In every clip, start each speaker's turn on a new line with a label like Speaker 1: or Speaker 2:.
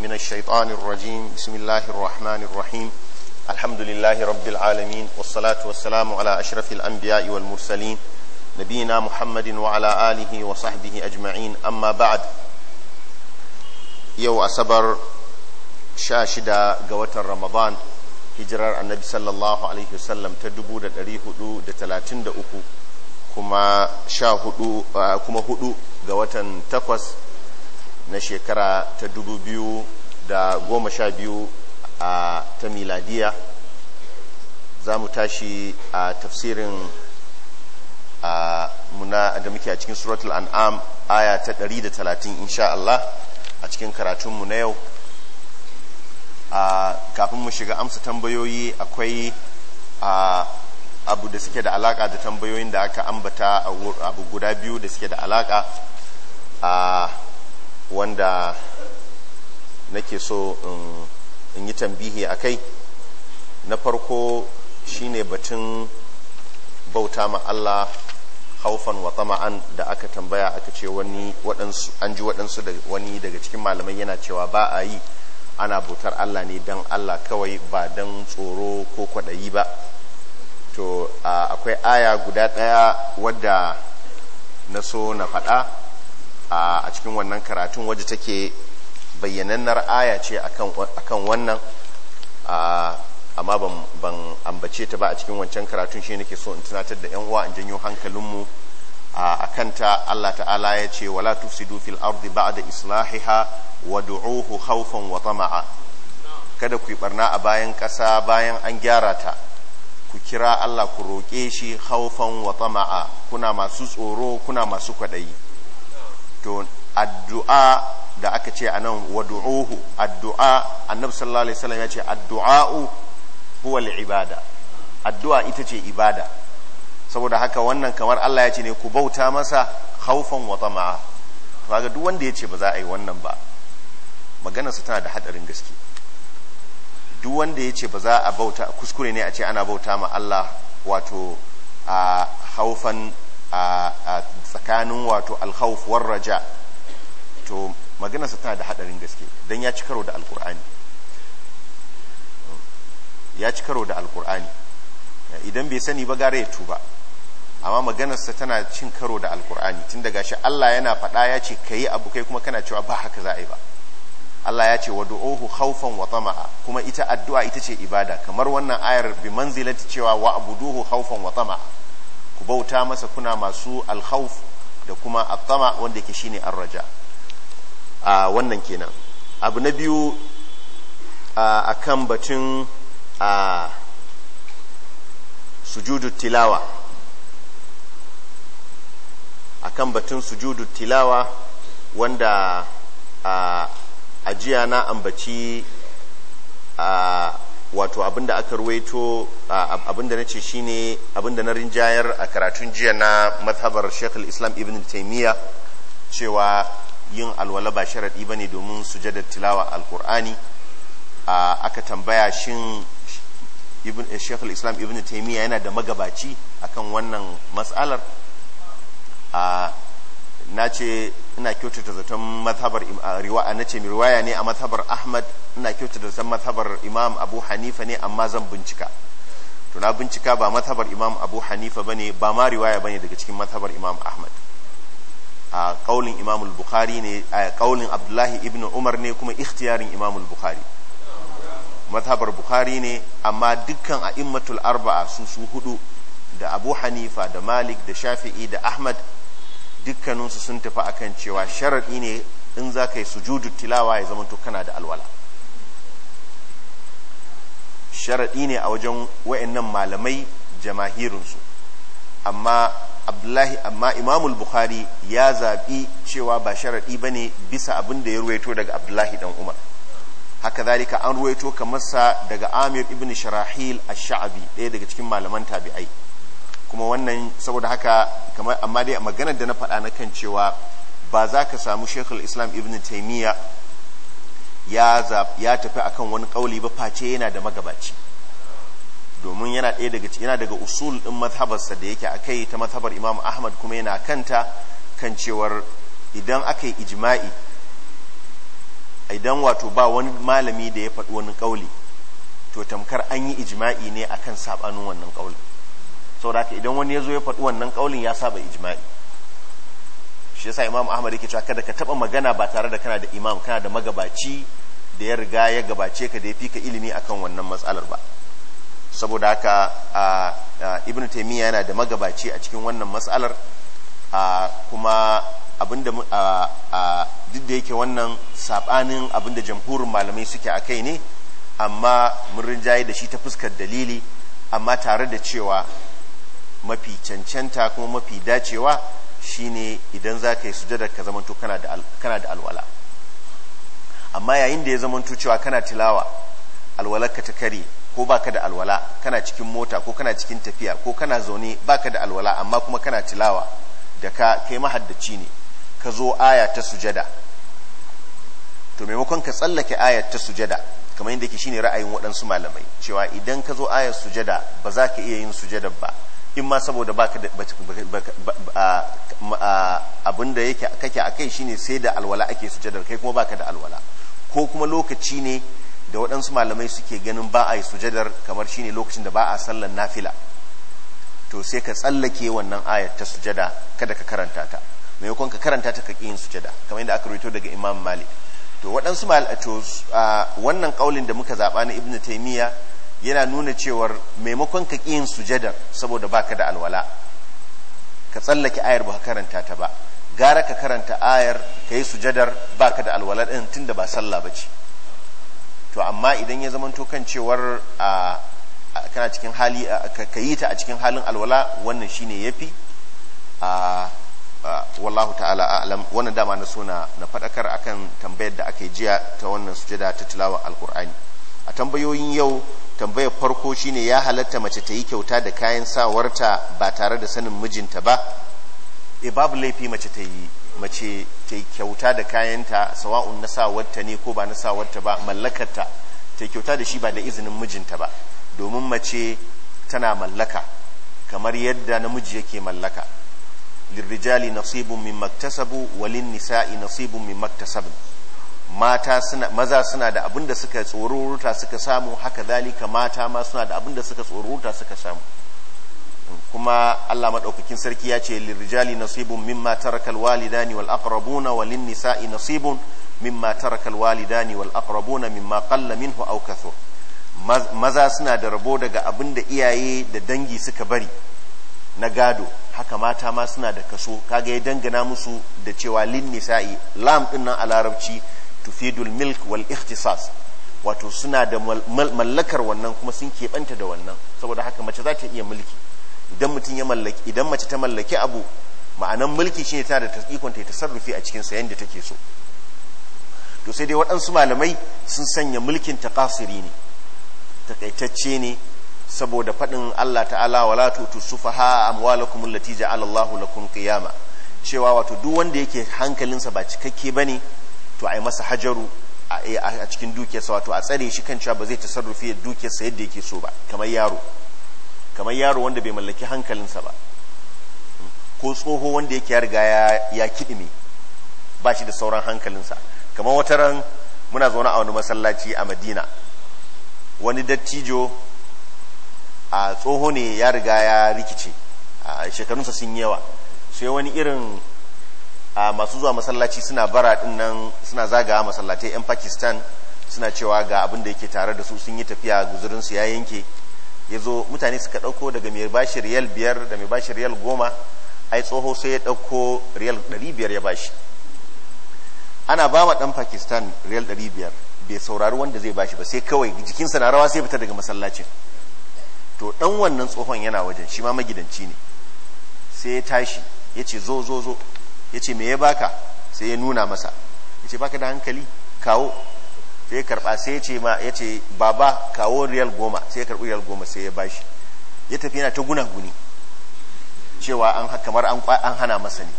Speaker 1: من الشيطان الرجيم بسم الله الرحمن الرحيم الحمد لله رب العالمين والصلاة والسلام على أشرف الأنبياء والمرسلين نبينا محمد وعلى آله وصحبه أجمعين أما بعد يو أسبر شاشدة قوة رمضان hijirar annabi sallallahu alaihi wasallam ta dubu da dari hudu da talatin da uku kuma sha hudu kuma hudu ga watan takwas na shekara ta dubu biyu da goma sha biyu a ta miladiya za mu tashi a tafsirin muna da muke a cikin suratul an'am aya ta 130 insha Allah a cikin karatunmu na yau kafin mu shiga amsa tambayoyi akwai abu da suke da alaka da tambayoyin da aka ambata abu guda biyu da suke da alaka a wanda nake so in yi tambihi a kai na farko shine batun bauta ma Allah haufan wa tama'an da aka tambaya aka ce wani waɗansu an ji waɗansu da wani daga cikin malamai yana cewa ba a yi ana bautar Allah ne don Allah kawai ba don tsoro ko kwaɗayi ba to akwai aya guda ɗaya wadda na so na faɗa a cikin wannan karatun waje take bayyanannar ra'aya ce akan wannan amma ban ambace ta ba a cikin wancan karatun shi nake so in tunatar da yan uwa in janyo hankalinmu a kanta Allah ta'ala ya ce wa la tufsidu fil ardi ba'da islahiha wa du'uhu khawfan wa tama'a kada ku barna a bayan ƙasa bayan an gyara ta ku kira Allah ku roƙe shi khawfan wa tama'a kuna masu tsoro kuna masu kwaɗayi to addu'a da aka ce anan wadu'uhu addu'a annabi sallallahu alaihi wasallam ya ce addu'a'u huwa ibada addu'a ita ce ibada saboda haka wannan kamar Allah ya ce ne ku bauta masa haufan wa tama'a to kaga duk wanda ya ce ba za a yi wannan ba maganarsa tana da hadarin gaske duk wanda ya ce ba za a bauta kuskure ne a ce ana bauta ma Allah wato a haufan a tsakanin wato alkhawf war raja to maganarsa tana da hadarin gaske dan ya ci karo da alkur'ani ya ci karo da alkur'ani idan bai sani ba gare ya tuba amma maganarsa tana cin karo da alkur'ani tun daga shi Allah yana faɗa ya ce ka abu kai kuma kana cewa ba haka za a yi ba Allah ya ce wa du'uhu khawfan wa tama'a kuma ita addu'a ita ce ibada kamar wannan ayar bi manzilati cewa wa abuduhu khawfan wa tama'a ku bauta masa kuna masu alhauf da kuma attama wanda ke shine arraja a wannan kenan abu na biyu a kan batun a sujudu tilawa a kan batun tilawa wanda a ajiya na ambaci a wato abinda aka ruwaito abinda na ce shine abinda na rinjayar a karatun jiya na mazhabar shekul islam Ibn taimiyya cewa yin alwala ba ba bane domin sujadar tilawa alkur'ani aka tambaya shin shekul islam Ibn taimiyya yana da magabaci akan wannan matsalar na ce ina kyautata zaton mazhabar riwaya na ce riwaya ne a mazhabar ahmad ina kyautata zaton mazhabar imam abu hanifa ne amma zan bincika to na bincika ba mazhabar imam abu hanifa bane ba ma riwaya bane daga cikin mazhabar imam ahmad a kaulin imam al-bukhari ne a kaulin abdullahi ibn umar ne kuma ikhtiyarin imam al-bukhari mazhabar bukhari ne amma dukkan a'immatul arba'a sun su hudu da abu hanifa da malik da shafi'i da ahmad dukkaninsu sun tafi akan cewa sharaɗi ne in za ka yi sujudu tilawa ya zama kana da alwala sharaɗi ne a wajen wa'annan malamai jamahirinsu amma abdullahi amma imamul bukhari ya zaɓi cewa ba sharaɗi ba ne bisa abin da ya ruwaito daga abdullahi dan umar haka zalika an ruwaito kamar sa daga amir ibn sharahil a shaabi ɗaya daga cikin malaman tabi'ai kuma wannan saboda haka kamar amma dai maganar da na faɗa na kan cewa ba za ka samu shekul islam ibn taimiyya ya tafi akan wani kauli ba face yana da magabaci domin yana ɗaya daga yana daga usul ɗin mazhabarsa da yake akai ta mazhabar imam ahmad kuma yana kanta kan cewar idan aka yi ijma'i idan wato ba wani malami da ya faɗi wani kauli to tamkar an yi ijma'i ne akan sabanin wannan kaulin sauraka idan wani ya zo ya faɗi wannan ƙaulin ya saba ijma'i shi yasa imam ahmad yake cewa kada ka taɓa magana ba tare da kana da imam kana da magabaci da ya riga ya gabace ka da ya fi ka ilimi akan wannan matsalar ba saboda haka ibn taimiyya yana da magabaci a cikin wannan matsalar kuma abinda duk da yake wannan saɓanin abinda jamhurin malamai suke a kai ne amma mun rinjaye da shi ta fuskar dalili amma tare da cewa mafi cancanta kuma mafi dacewa shine idan za ka yi sujada ka zamanto kana da alwala amma yayin da ya zamanto cewa kana tilawa alwalarka ta kare ko baka da alwala kana cikin mota ko kana cikin tafiya ko kana zaune baka da alwala amma kuma kana tilawa da ka kai mahaddaci ne ka zo aya ta sujada to maimakon ka tsallake ayat ta sujada kamar yadda ke shine ra'ayin waɗansu malamai cewa idan ka zo ayat sujada ba za ka iya yin sujada ba in ma saboda ba da abin da a kai akai shine sai da alwala ake sujadar kai kuma baka da alwala ko kuma lokaci ne da waɗansu malamai suke ganin ba a yi sujadar kamar shine lokacin da ba a sallan nafila to sai ka tsallake wannan ayat ta sujada kada ka karanta ta maimakon ka karanta ta ka yin sujada kamar yadda aka rubuto daga Imam Malik to waɗansu to wannan kaulin da muka zaɓa na Ibn Taymiyyah yana nuna cewar maimakon ka ƙin yin sujadar saboda baka da alwala ka tsallake ayar ba karanta ta ba gara ka karanta ayar ka yi sujadar ka da alwala ɗin da ba sallah ba ce to amma idan ya zamanto kan cewar a kana cikin hali ka yi ta a cikin halin alwala wannan shine yafi a wallahu ta'ala a'lam wannan dama na so na faɗakar akan tambayar da aka yi jiya ta wannan sujada ta tilawa alkur'ani a tambayoyin yau tambayar farko shine ya halatta mace ta yi kyauta da kayan sawarta ba tare da sanin mijinta ba e babu laifi mace ta yi mace ta yi kyauta da kayanta sawa'un na sawarta ne ko ba na sawarta ba mallakarta ta kyauta da shi ba da izinin mijinta ba domin mace tana mallaka kamar yadda namiji yake mallaka lirrijali nasibun min maktasabu walin nisa'i nasibun min maktasabu mata suna maza suna da abin da suka tsoro ruta suka samu haka zalika mata ma suna da abin da suka tsoro ruta suka samu kuma Allah madaukakin sarki ya ce lirijali nasibun mimma tarakal walidani wal aqrabuna wal nisa'i nasibun mimma tarakal walidani wal aqrabuna mimma qalla minhu aw kathur maza suna da rabo daga abin da iyaye da dangi suka bari na gado haka mata ma suna da kaso kaga ya dangana musu da cewa lin nisa'i lam din nan a larabci tufidul milk wal ikhtisas wato suna da mallakar wannan kuma sun keɓanta da wannan saboda haka mace za ta iya mulki idan mutum ya mallaki idan mace ta mallaki abu ma'anan mulki shine tana da ikon ta tasarrufi a cikin sa yanda take so to sai dai waɗansu malamai sun sanya mulkin taqasiri ne takaitacce ne saboda faɗin Allah ta'ala wala tutu sufaha amwalakum allati ja'ala Allahu lakum qiyama cewa wato duk wanda yake hankalinsa ba cikakke bane to a yi masa hajaru eh, a cikin dukiyarsa wato a tsare shi kan cewa ba zai tasarrufi da dukiyarsa yadda yake so ba kamar yaro kamar yaro wanda bai mallaki hankalinsa ba ko tsoho wanda yake ya riga ya ba shi da sauran hankalinsa kamar wata ran muna zaune a wani masallaci a madina wani dattijo a tsoho ne ya riga ya rikice shekarunsa sun yawa sai wani irin a masu zuwa masallaci suna bara din nan suna zagawa masallatai 'yan pakistan suna cewa ga abin da yake tare da su sun yi tafiya guzurin ya yanke ya zo mutane suka ɗauko daga mai bashi riyal biyar da mai bashi riyal goma ai tsoho sai ya ɗauko riyal ɗari biyar ya bashi ana ba ma ɗan pakistan riyal ɗari biyar bai saurari wanda zai bashi ba sai kawai jikinsa na rawa sai fita daga masallacin to ɗan wannan tsohon yana wajen shi ma magidanci ne sai ya tashi ya ce zo zo zo ya ce me ya baka sai ya nuna masa ya ce baka da hankali kawo sai ya karba sai ya ma ya baba kawo riyal goma sai ya karbi riyal goma sai ya bashi ya tafi yana ta guna guni cewa an kamar an hana masa ne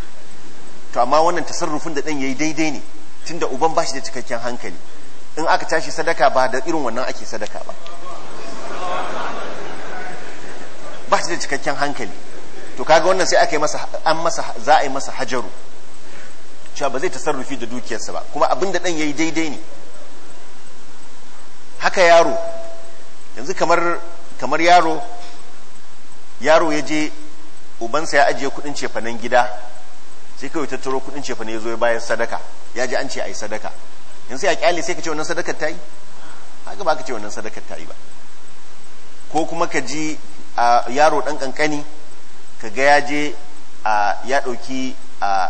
Speaker 1: to amma wannan tasarrufin da dan ya yi daidai ne tunda uban bashi da cikakken hankali in aka tashi sadaka ba da irin wannan ake sadaka ba ba bashi da cikakken hankali to kaga wannan sai aka yi masa an masa za a yi masa hajaru cewa ba zai tasarrufi da dukiyarsa ba kuma abin da dan yayi daidai ne haka yaro yanzu kamar kamar yaro yaro ya je ubansa ya ajiye kudin cefanen gida sai kawai tattaro kudin cefane ya zo ya bayar sadaka ya ji an ce ai sadaka yanzu ya kyale sai ka ce wannan sadakar ta yi haka ba ka ce wannan sadakar ta yi ba ko kuma ka ji yaro dan kankani kaga ya je ya ɗauki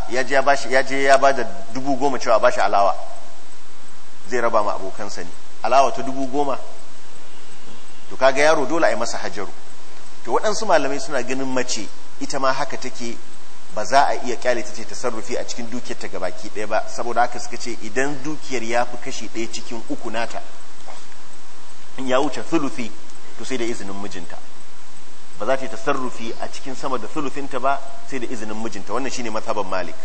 Speaker 1: ya je ya bashi ya je ya bada dubu goma cewa ba shi alawa zai raba ma abokansa ne alawa ta dubu goma to kaga yaro dole a yi masa hajaru to waɗansu malamai suna ganin mace ita ma haka take ba za a iya kyale ta ce ta sarrufi a cikin dukiyar ta gabaki ɗaya ba saboda haka suka ce idan dukiyar ya fi kashi ɗaya cikin uku nata in ya wuce thuluthi to sai da izinin mijinta ba za ta yi tasarrufi a cikin sama da sulufinta ba sai da izinin mijinta wannan shine mazhaban malik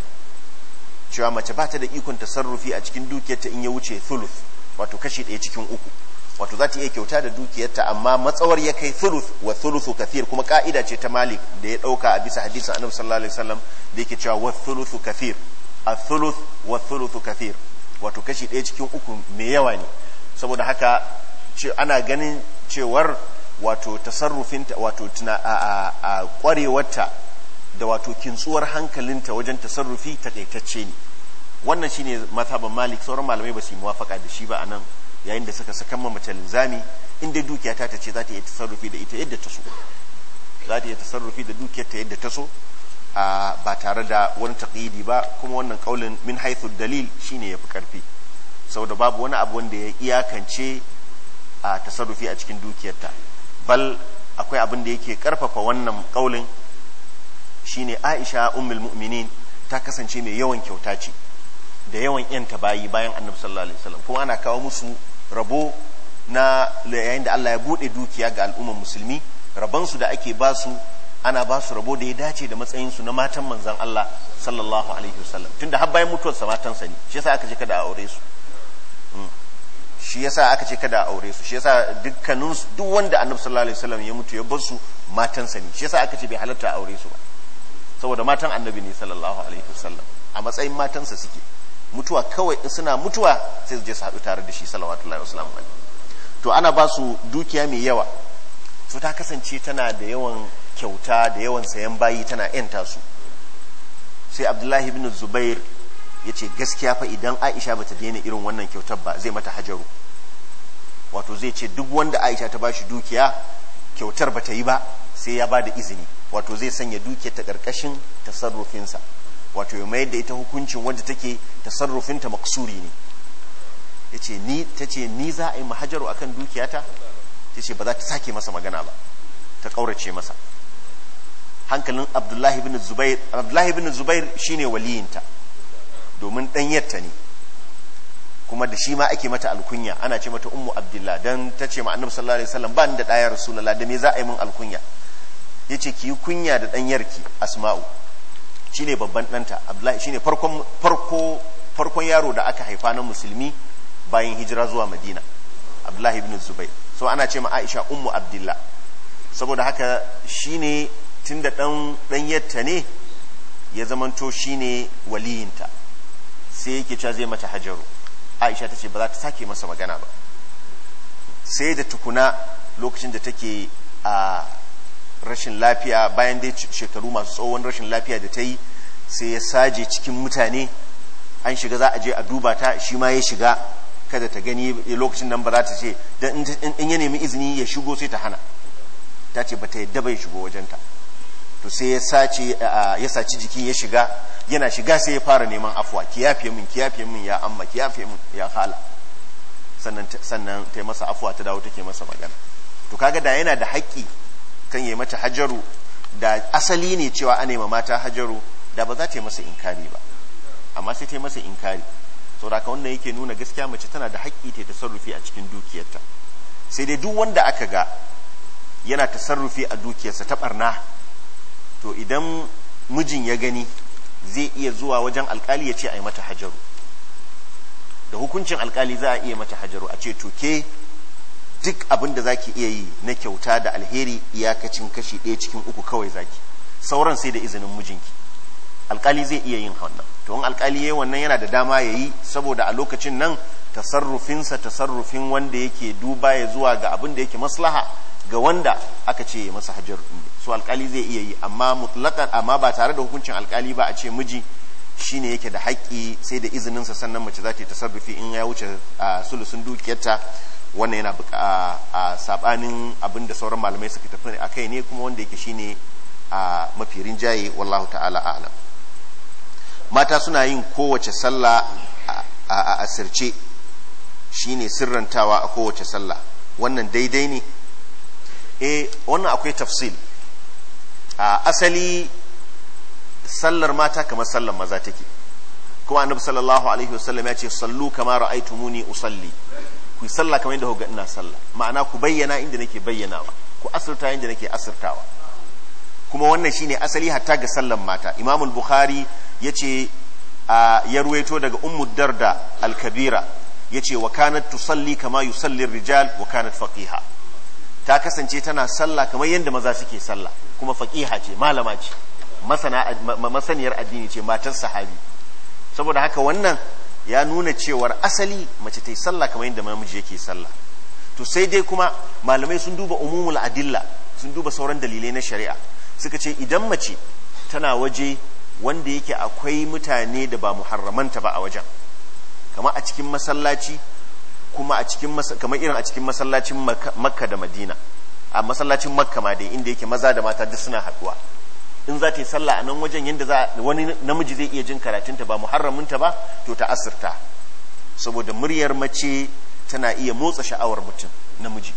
Speaker 1: cewa mace ba ta da ikon tasarrufi a cikin dukiyarta in ya wuce suluf wato kashi ɗaya cikin uku wato za ta iya kyauta da dukiyarta amma matsawar ya kai sulus wa sulusu kafir kuma ka'ida ce ta malik da ya ɗauka a bisa hadisin annabi sallallahu alaihi wasallam da yake cewa wa sulusu kafir a sulus wa sulusu kafir wato kashi ɗaya cikin uku mai yawa ne saboda haka ana ganin cewar wato tasarrufinta wato tuna a, a, a kwarewarta da wato kintsuwar hankalinta wajen tasarrufi takaitacce ne wannan shine mazhaban malik sauran malamai ba su yi muwafaka da shi ba anan yayin da suka saka mamma mace linzami in dukiya ta tace za ta iya tasarrufi da ita yadda ta so za ta iya tasarrufi da dukiyar ta yadda ta so ba tare da wani taqidi ba kuma wannan kaulin min haythu dalil shine yafi karfi saboda babu wani abu wanda ya iyakance a tasarrufi a cikin dukiyar ta. bal akwai abin da yake karfafa wannan kaulin shine Aisha ummul mu'minin ta kasance mai yawan kyauta ce da yawan yanta bayi bayan Annabi sallallahu alaihi wasallam kuma ana kawo musu rabo na yayin da Allah ya bude dukiya ga al'ummar musulmi rabonsu da ake basu ana ba rabo da ya dace da matsayinsu na matan manzan Allah sallallahu alaihi wasallam tunda har bayan mutuwarsa matansa ne shi yasa aka je kada a aure su shi yasa aka ce kada a aure su shi yasa dukkanin duk wanda annabi sallallahu alaihi wasallam ya mutu ya bar su matansa ne shi yasa aka ce bai halarta a aure su ba saboda matan annabi ne sallallahu alaihi wasallam a matsayin matansa suke mutuwa kawai in suna mutuwa sai su je su haɗu tare da shi sallallahu alaihi wasallam to ana ba su dukiya mai yawa to ta kasance tana da yawan kyauta da yawan sayan bayi tana yanta su sai abdullahi ibn zubair ya ce gaskiya fa idan aisha bata daina irin wannan kyautar ba zai mata hajaru wato zai ce duk wanda aisha ta ba shi dukiya kyautar ba ta yi ba sai ya ba da izini wato zai sanya dukiya ta karkashin tasarrufinsa wato ya mayar da ita hukuncin wanda take tasarrufinta maksuri ne ya ce ni ta ce ni za a yi mahajaru akan dukiyata ta ce ba za ta sake masa magana ba ta ƙaurace masa hankalin abdullahi bin zubair abdullahi bin zubair shine waliyinta domin ɗanyarta ne kuma da shi ma ake mata alkunya ana ce mata ummu Abdullahi dan ta ce ma annabi sallallahu alaihi wasallam ba ni da ɗaya rasulullah da me za a yi min alkunya yace ki yi kunya da ɗanyarki asma'u shine babban ɗanta abdullahi shine farkon farko farkon yaro da aka haifa na musulmi bayan hijira zuwa madina abdullahi ibn zubai so ana ce ma aisha ummu Abdullahi saboda haka shine tunda dan yatta ne ya zamanto shine waliyinta sai yake cewa zai mata hajaru aisha ta ce ba za ta sake masa magana ba sai da tukuna lokacin da take a rashin lafiya bayan dai shekaru masu tsohon rashin lafiya da ta yi sai ya saje cikin mutane an shiga za a je a duba ta shi ma ya shiga kada ta gani lokacin nan ba za ta ce don in ya nemi izini ya shigo sai ta hana ta ce ba ta yadda bai shigo wajenta to sai ya sace ya saci jiki ya shiga yana shiga sai ya fara neman afuwa ki yafe min ki yafe min ya amma ki yafe min ya hala sannan sannan masa afuwa ta dawo take masa magana to kaga da yana da haƙƙi kan yi mata hajaru da asali ne cewa a nema mata hajaru da ba za ta yi masa inkari ba amma sai ta yi masa inkari saboda ka wannan yake nuna gaskiya mace tana da haƙƙi ta tasarrufi a cikin dukiyarta sai dai duk wanda aka ga yana tasarrufi a dukiyarsa ta barna to idan mijin ya gani zai iya zuwa wajen alkali ya ce a yi mata hajaru da hukuncin alkali za a iya mata hajaru a ce to ke duk abin da zaki iya yi na kyauta da alheri iyakacin kashi ɗaya cikin uku kawai zaki sauran sai da izinin mijinki alkali zai iya yin wannan to in alkali yayi wannan yana da dama yayi saboda a lokacin nan tasarrufinsa tasarrufin wanda yake duba ya zuwa ga abin da yake maslaha ga wanda aka ce masa hajaru. su alkali zai iya yi amma mutlakan amma ba tare da hukuncin alkali ba a ce miji shine yake da haƙƙi sai da izinin sa sannan mace za ta yi tasarrufi in ya wuce sulusun dukiyarta wannan yana a sabanin abin da sauran malamai suka tafi a kai ne kuma wanda yake shine a mafi rinjaye wallahu ta'ala a'lam mata suna yin kowace sallah a asirce shine sirrantawa a kowace sallah wannan daidai ne eh wannan akwai tafsil asali sallar mata kamar sallar maza take kuma annabi sallallahu alaihi wasallam ya ce sallu kama ra'aytumuni usalli ku yi sallah kamar yadda ina sallah ma'ana ku bayyana inda nake bayyanawa ku asirta inda nake asirtawa kuma wannan shine asali hatta ga sallar mata imamul bukhari yace ya ruwaito daga ummu darda al-kabira yace wa kanat tusalli kama yusalli rijal wa kanat faqiha ta kasance tana sallah kamar yadda maza suke sallah kuma faqiha ce malama ce masaniyar addini ce matan sahabi saboda haka wannan ya nuna cewar asali mace ta yi sallah kamar yadda namiji yake sallah to sai dai kuma malamai sun duba umumul adilla sun duba sauran dalilai na shari'a suka ce idan mace tana waje wanda yake akwai mutane da ba muharramanta ba a wajen kama a cikin masallaci kuma a cikin kamar irin a cikin masallacin makka da madina a masallacin makka ma dai inda yake maza da mata duk suna haduwa in za ta yi sallah a nan wajen yadda za wani namiji zai iya jin karatunta ba muharraminta ba to ta asirta saboda muryar mace tana iya motsa sha'awar mutum namiji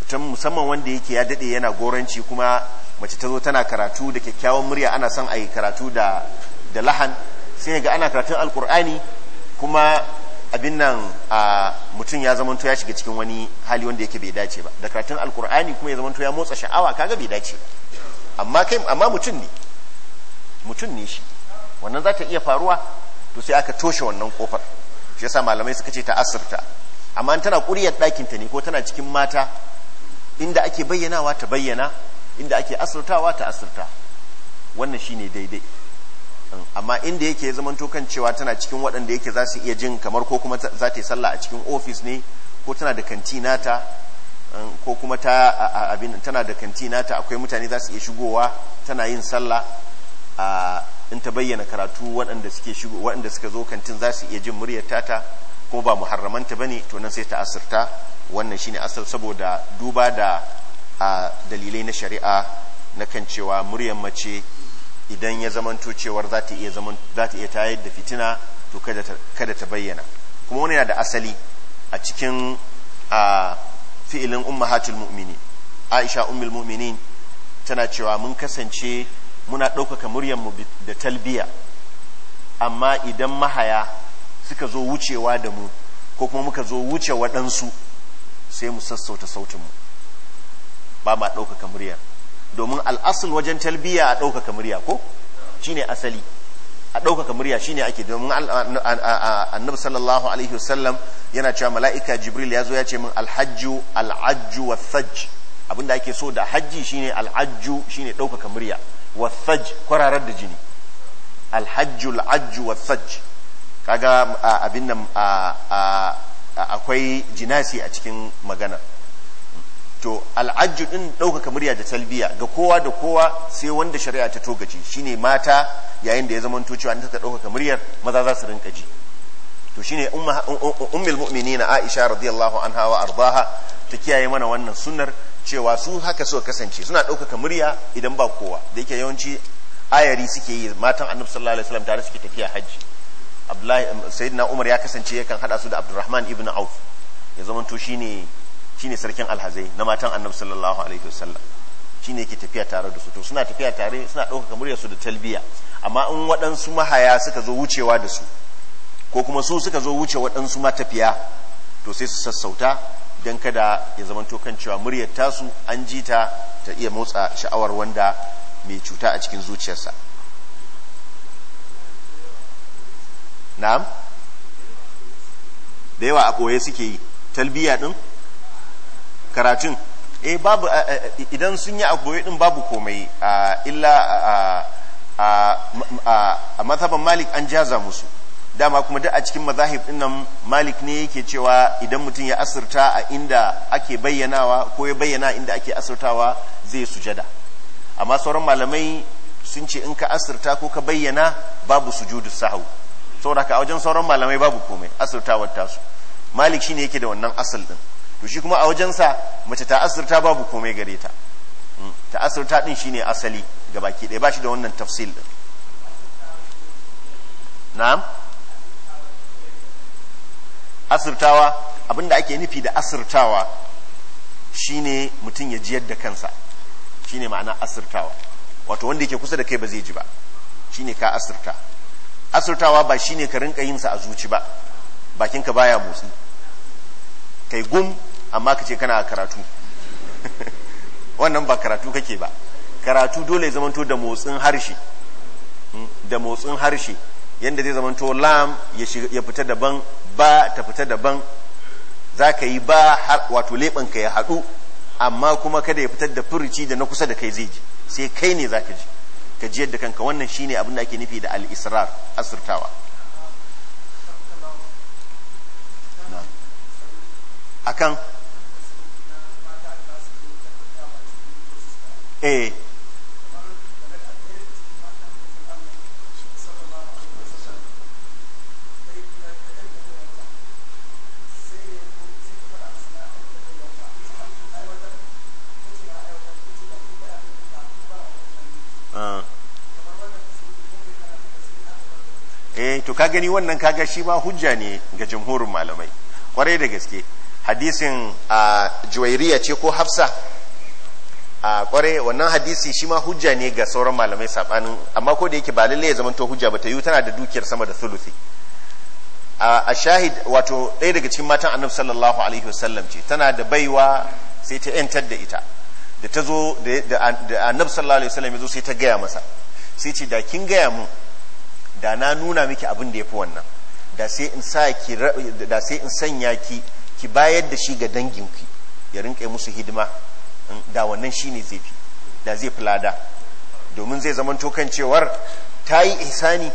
Speaker 1: mutum musamman wanda yake ya dade yana goranci kuma mace ta zo tana karatu da kyakkyawan murya ana son a yi karatu da da lahan sai ga ana karatun alkur'ani kuma abin nan a mutum ya zamanto ya shiga cikin wani hali wanda yake bai dace ba da karatun alkur'ani kuma ya zamanto ya motsa sha'awa kaga bai dace ba amma kai mutum ne mutum ne shi wannan za ta iya faruwa to sai aka toshe wannan kofar shi yasa malamai suka ce ta asirta amma in tana kuryar ɗakin ta ne ko tana cikin mata inda ake bayyanawa ta bayyana inda ake asirtawa ta asirta wannan shine daidai amma inda yake ya zamanto kan cewa tana cikin waɗanda yake za su iya jin kamar ko kuma za ta yi sallah a cikin ofis ne ko tana da kanti nata eh, ko kuma ta tana da kanti nata akwai mutane za su iya shigowa tana yin sallah a in ta bayyana karatu waɗanda suke shigo waɗanda suka zo kantin za su iya jin muryar tata kuma ba muharramanta bane to nan sai ta asirta wannan shine asal saboda duba da dalilai na shari'a na kan cewa muryar mace idan ya zamanto cewar za ta iya zaman za iya tayar da fitina to kada ta bayyana kuma wani yana da asali a cikin a fi'ilin ummahatul mu'minin Aisha ummul mu'minin tana cewa mun kasance muna ɗaukaka muryar mu da talbiya amma idan mahaya suka zo wucewa da mu ko kuma muka zo wuce waɗansu sai mu sassauta sautinmu ba ma ɗaukaka muryar domin al'asul wajen talbiya a ɗaukaka murya ko shine asali a ɗaukaka murya shine ake domin annabi sallallahu alaihi wasallam yana cewa mala'ika jibril ya zo ya ce min alhajju al'ajju wa thaj abinda ake so da hajji shine al'ajju shine ɗaukaka murya wa thaj kwararar da jini alhajju al'ajju wa thaj kaga abin nan akwai jinasi a cikin magana to al'ajju din ɗaukaka murya da talbiya ga kowa da kowa sai wanda shari'a ta togace shine mata yayin da ya zama cewa cewa ta ɗaukaka muryar maza za su rinka ji to shine ummul mu'minina Aisha radiyallahu anha wa ardaha ta kiyaye mana wannan sunnar cewa su haka suka kasance suna ɗaukaka murya idan ba kowa da yake yawanci ayari suke yi matan annabi sallallahu alaihi wasallam tare suke tafiya hajji Abdullahi sayyidina Umar ya kasance yakan hada su da Abdulrahman ibn Auf ya zama to shine shine sarkin alhazai na matan annabi sallallahu alaihi wasallam shine yake tafiya tare da su to suna tafiya tare suna ɗaukaka muryarsu da talbiya amma in waɗansu mahaya suka zo wucewa da su ko kuma su suka zo wuce waɗansu matafiya to sai su sassauta don kada ya zamanto kan cewa muryar tasu an ji ta ta iya motsa sha'awar wanda mai cuta a cikin zuciyarsa na'am da yawa a ɓoye suke yi talbiya ɗin karatun eh babu eh, eh, idan sun yi a din babu komai illa a mazhaban malik an jaza musu dama kuma duk a cikin mazahib din malik ne yake cewa idan mutum ya asirta a inda ake bayyanawa ko ya bayyana inda ake asirtawa zai sujada amma sauran malamai sun ce in ka asirta ko ka bayyana babu sujudu sahau saboda ka a wajen sauran malamai babu komai asirtawar tasu malik shine yake da wannan asal din to shi kuma a wajensa mace ta asirta babu komai gare ta hmm. ta asirta din shine asali ga baki ɗaya ba shi da wannan tafsil din na'am asirtawa abinda ake nufi da asirtawa shine mutum ya jiyar da kansa shine ma'ana asirtawa wato wanda yake kusa da kai ba zai ji ba shine ka asirta asirtawa ba shine ka rinka yin sa a zuci ba bakinka baya motsi kai gum amma ka ce kana karatu wannan ba karatu kake ba karatu dole ya zamanto da motsin harshe hmm? da motsin harshe yadda zai zamanto lam ya fita daban ba ta fita daban za ka yi ba wato leɓanka ya haɗu amma kuma kada ya fitar da furici da na kusa da kai zai ji sai kai ne za ka ji ka ji yadda kanka wannan shine abin da ake nufi da alisrar asirtawa akan Eh. Ah. eh to ka gani wannan kaga shi ma hujja ne ga jamhurin malamai kwarai da gaske hadisin a ah, juwairiya ce ko hafsa a kware wannan hadisi shi ma hujja ne ga sauran malamai sabanin amma ko da yake ba lalle ya zama to hujja ba ta yi tana da dukiyar sama da thuluthi a shahid wato ɗaya daga cikin matan annabi sallallahu alaihi wasallam ce tana da baiwa sai ta yantar da ita da ta zo da annabi sallallahu alaihi wasallam ya zo sai ta gaya masa sai ce da kin gaya mun da na nuna miki abin da ya fi wannan da sai in sa ki da sai in sanya ki ki bayar da shi ga danginki ya rinka musu hidima da wannan shine zai fi da zai fi lada domin zai zama kan cewar ta yi isani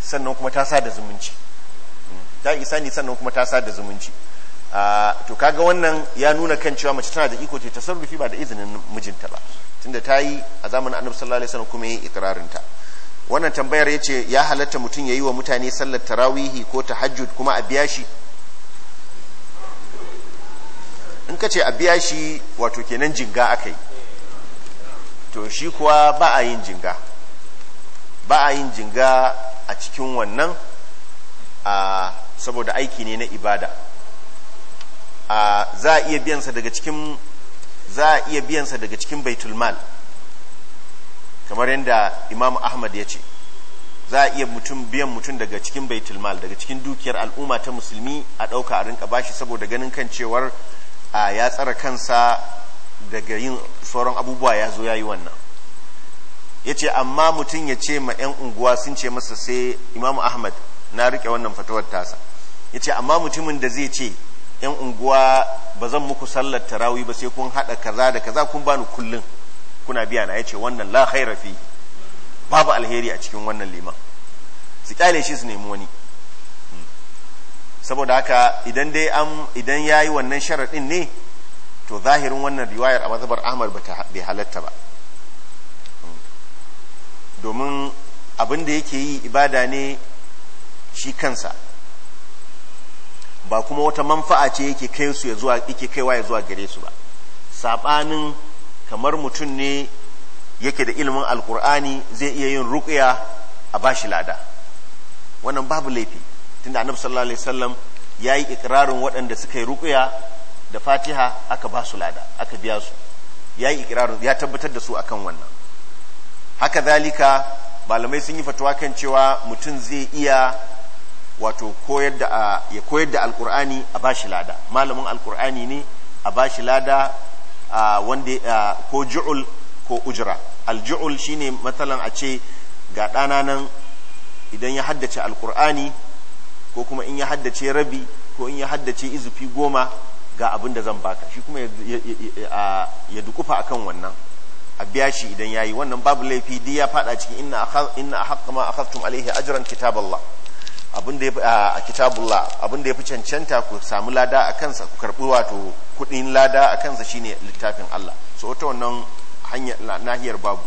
Speaker 1: sannan kuma ta sada zumunci ta yi isani sannan kuma ta sada zumunci ah, to kaga wannan ya nuna kan cewa mace tana da iko ta tasarrufi ba da izinin mijinta ba tunda ta yi a zamanin annabi sallallahu alaihi wasallam kuma yi ikrarin ta wannan tambayar yace ya halatta mutum yayi wa mutane sallar tarawihi ko tahajjud kuma a biya shi in ka ce a biya shi wato kenan jinga aka to shi kuwa ba a yin jinga ba a yin jinga a cikin wannan a saboda aiki ne na ibada a za a iya biyansa daga cikin za a iya biyansa daga cikin baitulmal kamar yadda imam ahmad ya ce za a iya biyan mutum daga cikin baitulmal daga cikin dukiyar al'umma ta musulmi a ɗauka a rinka bashi saboda ganin kan cewar a ya tsara kansa daga yin sauran abubuwa ya zo ya yi wannan ya ce amma mutum ya ce ma 'yan unguwa sun ce masa sai imamu ahmad na rike wannan fatawar tasa ya ce amma mutumin da zai ce 'yan unguwa ba zan muku sallar tarawi ba sai kun haɗa kaza da kaza kun bani kullum kuna biya na ya ce wannan la khairafi babu alheri a cikin wannan liman su kyale shi su nemi wani saboda haka idan dai an idan yayi wannan sharadin ne to zahirin wannan riwayar a mazhabar Ahmad bata bai halatta ba domin abin da yake yi ibada ne shi kansa ba kuma wata manfa'a ce yake kai su ya zuwa yake kaiwa ya zuwa gare su ba sabanin kamar mutum ne yake da ilimin alkur'ani zai iya yin ruqya a bashi lada wannan babu laifi tunda annabi sallallahu alaihi wasallam yayi ikrarin waɗanda suka yi ruqya da Fatiha aka ba su lada aka biya su yayi ikrarin ya tabbatar da su akan wannan haka zalika malamai sun yi fatuwa kan cewa mutum zai iya wato koyar da ya koyar da alqur'ani a bashi lada malamin alqur'ani ne a bashi lada wanda ko ju'ul ko ujra alju'ul shine matsalan a ce ga ɗana nan idan ya haddace alqur'ani ko kuma in ya haddace rabi ko in ya haddace izufi goma ga abin da zan baka shi kuma ya dukufa akan wannan a biya shi idan ya yi wannan babu laifi duk ya fada cikin inna a haƙa ma akhadtum alaihi ajran kitaballah abin da a kitabullah da fi cancanta ku sami lada a kansa ku karɓi wato kudin lada a kansa shine littafin Allah so ta wannan hanya nahiyar babu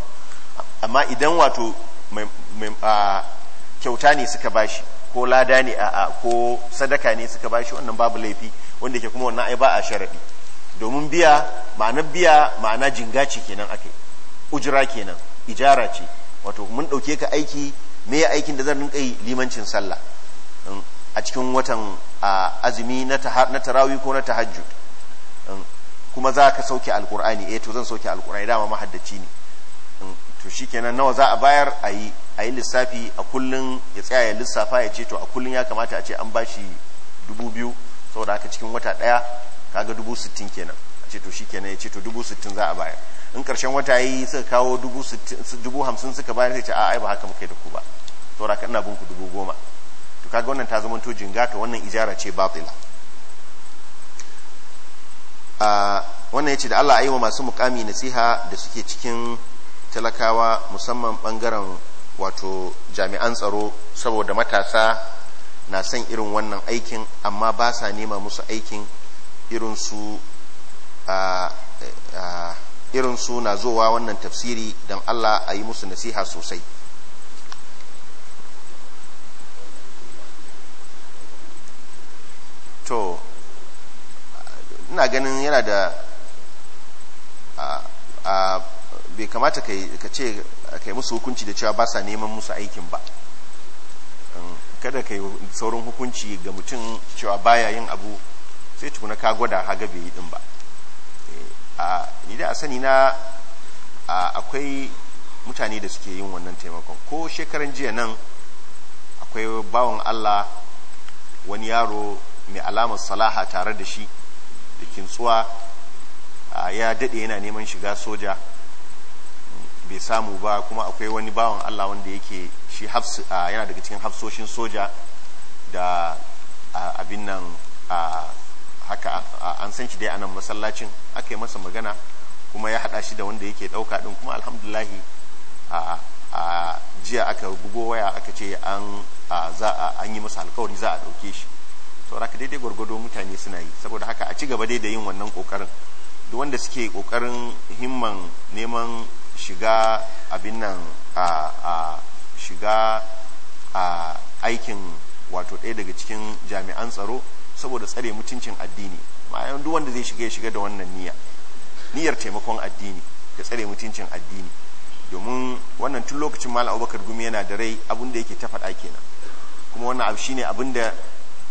Speaker 1: amma idan wato kyauta ne suka bashi ko lada ne a ko sadaka ne suka ba shi wannan babu laifi wanda ke kuma wannan ai ba a sharaɗi domin biya ma'ana biya ma'ana jinga ce kenan ake ujira kenan ijara ce wato mun ɗauke ka aiki me ya aikin da zan rinka yi limancin sallah um, a cikin watan azumi na tarawi ko na tahajjud um, kuma za ka sauke alkur'ani eh to zan sauke alkur'ani dama mahaddaci ne to shikenan nawa za a bayar a yi a yi lissafi a kullun ya tsaya ya lissafa ya ce to a kullun ya kamata a ce an bashi dubu biyu saboda haka cikin wata ɗaya kaga dubu sittin kenan a ce to shikenan ya ce to dubu sittin za a bayar in karshen wata yi suka kawo dubu hamsin suka bayar zai ce a ba haka muka yi da ku ba saboda haka ina bin ku dubu goma to kaga wannan ta zama to jinga to wannan ijara ce batila ah, wannan ya ce da Allah yi wa masu mukami nasiha da suke cikin talakawa musamman bangaren wato jami'an tsaro saboda matasa na son irin wannan aikin amma ba sa nema musu aikin irin su na zowa wannan tafsiri don Allah a yi musu nasiha sosai to ina ganin yana da bai kamata ka ce ka yi musu hukunci da cewa ba sa neman musu aikin ba um, kada ka yi saurin hukunci ga mutum cewa baya yin abu sai tukuna ka gwada haga bai yi din ba eh, a ni da a sani na akwai mutane da suke yin wannan taimakon ko shekaran jiya nan akwai bawan allah wani yaro mai alamar salaha tare da shi da kintsuwa ya dade yana neman shiga soja bai samu ba kuma akwai wani bawan Allah wanda yake shi yana daga cikin hafsoshin soja da abin nan haka an san shi dai anan masallacin aka yi masa magana kuma ya hada shi da wanda yake dauka din kuma alhamdulahi a jiya aka bugo waya aka ce an yi masa alkawari za a dauke shi saboda haka daidai gwargwado mutane suna yi saboda haka a ci gaba dai da yin wannan kokarin duk wanda suke kokarin himman neman shiga abin nan a shiga a aikin wato ɗaya daga cikin jami'an tsaro saboda tsare mutuncin addini ma'ayan duk wanda zai shiga ya shiga da wannan niyya niyyar taimakon addini da tsare mutuncin addini domin wannan tun lokacin malam abubakar gumi yana da rai abin da yake tafaɗa faɗa kenan kuma wannan abu shine abin da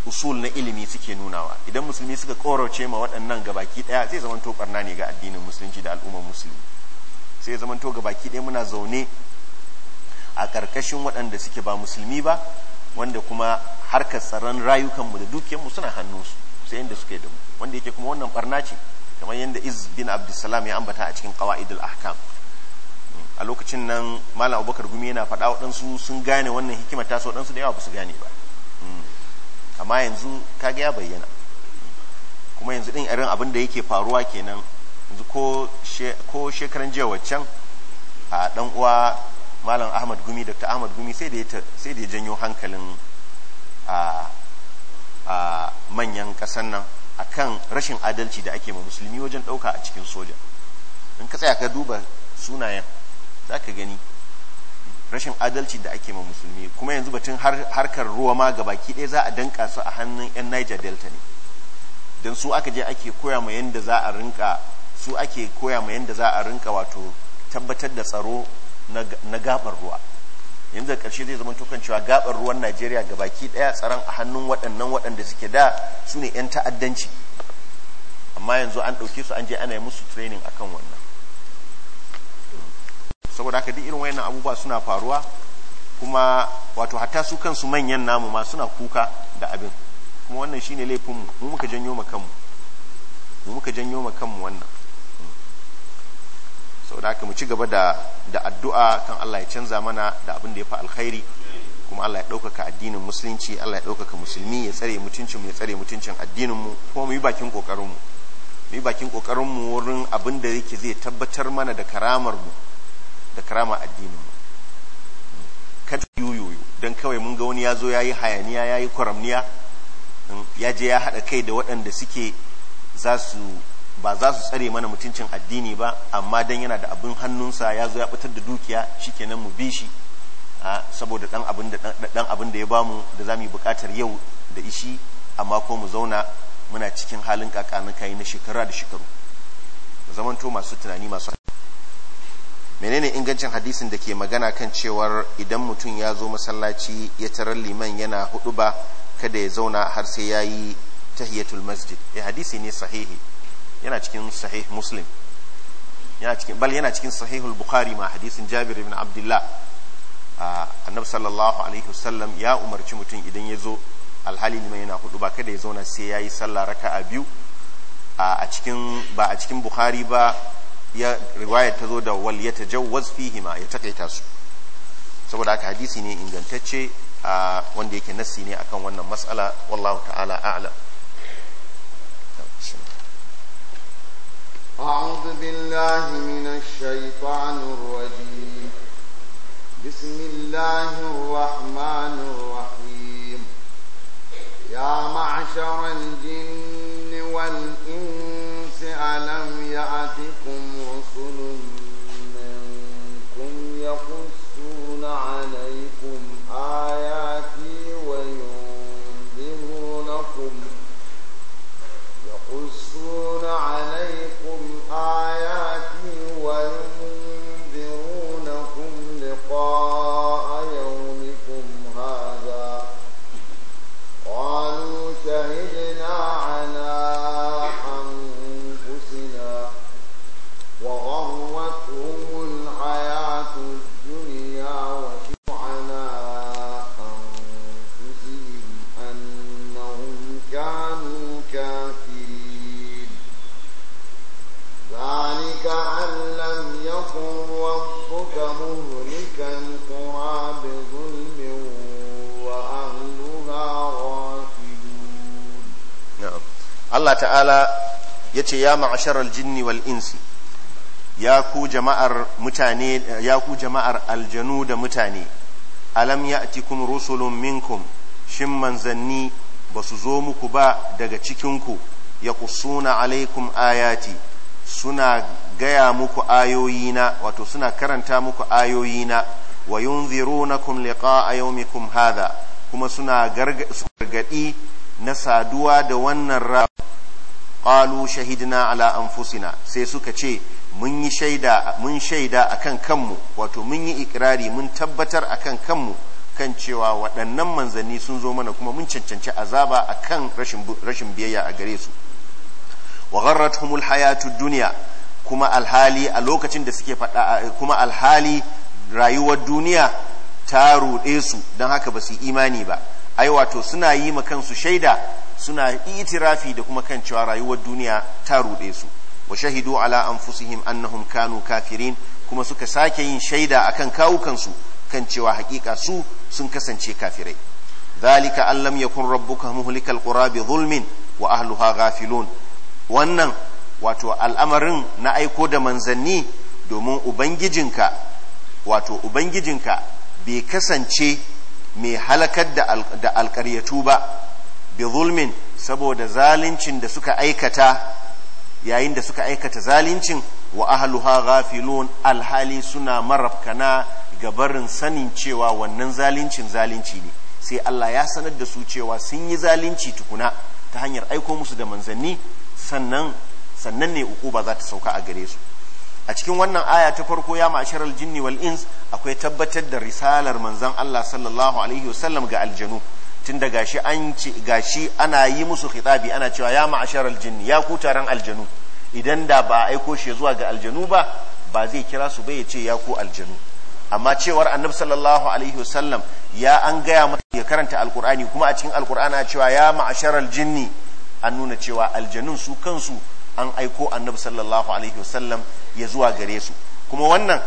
Speaker 1: usul na ilimi suke nunawa idan musulmi suka korace ma waɗannan gabaki ɗaya zai zama to ne ga addinin musulunci da al'ummar musulmi sai zaman to baki ɗaya muna zaune a ƙarƙashin waɗanda suke ba musulmi ba wanda kuma harkar tsaron rayukanmu da dukiyarmu suna hannunsu sai inda suke da mu wanda yake kuma wannan barna ce kamar yadda iz bin abdulsalam ya ambata a cikin idul ahkam a lokacin nan malam abubakar gumi yana faɗa waɗansu sun gane wannan hikimar taso waɗansu da yawa ba su gane ba amma yanzu kaga ya bayyana kuma yanzu ɗin irin abin da yake faruwa kenan ko shekaran jiya waccan a dan uwa malam ahmad gumi dr ahmad gumi sai da ya janyo hankalin a manyan kasan nan a kan rashin adalci da ake ma musulmi wajen ɗauka a cikin soja in ka tsaya ka duba sunayen za ka gani rashin adalci da ake ma musulmi kuma yanzu batun harkar ruwa ma ga baki ɗaya za a danka su a hannun 'yan niger delta ne don su aka je ake koya ma yadda za a rinka su ake koya ma yadda za a rinka wato tabbatar da tsaro na gabar ruwa yanzu karshe zai zama tukan cewa gabar ruwan najeriya ga baki daya tsaron a hannun waɗannan waɗanda suke da su ne 'yan ta'addanci amma yanzu an ɗauke su an je ana yi musu training akan wannan saboda haka duk irin wayannan abubuwa suna faruwa kuma wato hatta su kansu manyan namu ma suna kuka da abin kuma wannan shine laifinmu mu muka janyo mu kanmu mu muka janyo mu kanmu wannan Da haka mu ci gaba da da addu'a kan Allah ya canza mana da abin da ya fi alkhairi kuma Allah ya ɗaukaka addinin musulunci Allah ya ɗaukaka musulmi ya tsare mutuncinmu ya tsare mutuncin addininmu kuma mu yi bakin ƙoƙarinmu mu yi bakin ƙoƙarinmu wurin abin da yake zai tabbatar mana da karamarmu da karama addininmu. kada yi yoyo dan kawai mun ga wani ya zo ya yi hayaniya ya yi kwaramniya ya je ya haɗa kai da waɗanda suke za su ba za su tsare mana mutuncin addini ba amma dan yana da abin hannunsa ya zo ya fitar da dukiya shikenan mu bi shi saboda dan abin da dan abin da ya bamu da zamu yi bukatar yau da ishi amma ko mu zauna muna cikin halin kakanuka na shekara da shekaru zamanto masu tunani masu menene ingancin hadisin da ke magana kan cewar idan mutum ya zo masallaci ya tarar liman yana hudu ba kada ya zauna har sai ya yi tahiyatul masjid eh hadisi ne sahihi yana cikin sahih muslim yana bal yana cikin sahihul bukhari ma hadisin jabir ibn abdullah ah, annabi sallallahu alaihi wasallam ya umarci mutum idan ya zo alhali liman yana hudu ba kada ya zauna sai ya yi sallah raka'a biyu ah, a cikin ba a cikin bukhari ba ya riwaya ta zo da wal yatajawwaz fihi ma ya takaita su saboda haka hadisi ne ingantacce ah, wanda yake nassi ne akan wannan mas'ala wallahu ta'ala a'lam
Speaker 2: أعوذ بالله من الشيطان الرجيم بسم الله الرحمن الرحيم يا معشر الجن والإنس ألم يأتكم رسل منكم يقصون عليكم آياتي آياتي وينذرونكم لقاء
Speaker 1: Allah ta'ala ya ce ya ma’ashar jinni wal insi ya ku jama'ar mutane ya ku jama'ar aljanu da mutane alam ya'tikum rusulun minkum shin manzanni ba su zo muku ba daga cikinku ya kusuna alaikum ayati suna gaya muku ayoyina wato suna karanta muku ayoyina wa yunzirunakum liqa'a yaumikum hadha kuma suna gargadi na saduwa da wannan ra ƙalu shahidna ala anfusina sai suka ce mun yi shaida mun shaida akan kanmu wato mun yi ikrari mun tabbatar a kan kanmu kan cewa waɗannan manzanni sun zo mana kuma mun cancanci azaba a kan rashin biyayya a gare su wa gharratuhumul hayatu dunya kuma alhali a lokacin da suke faɗa kuma alhali rayuwar duniya ta ruɗe su don haka ba su imani ba ai wato suna yi ma kansu shaida suna itirafi da kuma kan cewa rayuwar duniya ta ruɗe su wa shahidu ala anfusihim annahum kanu kafirin kuma suka sake yin shaida akan kawukansu kan cewa hakika su sun kasance kafirai zalika an lam yakun rabbuka muhlikal qura bi zulmin wa ahluha ghafilun wannan wato al'amarin na aiko da manzanni domin ubangijinka wato ubangijinka bai kasance mai halakar da alkaryatu ba bi zulmin saboda zalincin da suka aikata yayin da suka aikata zalincin wa ahluha ghafilun alhali suna marafkana ga barin sanin cewa wannan zalincin zalunci ne sai Allah ya sanar da su cewa sun yi zalunci tukuna ta hanyar aiko musu da manzanni sannan sannan ne uku ba za ta sauka a gare su a cikin wannan aya ta farko ya ma'asharal jinni wal ins akwai tabbatar da risalar manzan Allah sallallahu alaihi wasallam ga aljanu tunda gashi an gashi ana yi musu khitabi ana cewa ya ma'asharar jinni ya ku taron aljanu idan da ba a aiko shi zuwa ga aljanu ba ba zai kira su bai ya ce ya ku aljanu amma cewar annabi sallallahu alaihi wasallam ya an gaya mata ya karanta alkur'ani kuma a cikin alkur'ana cewa ya ma'asharar jinni an nuna cewa aljanun su kansu an aiko annabi sallallahu alaihi wasallam ya zuwa gare su kuma wannan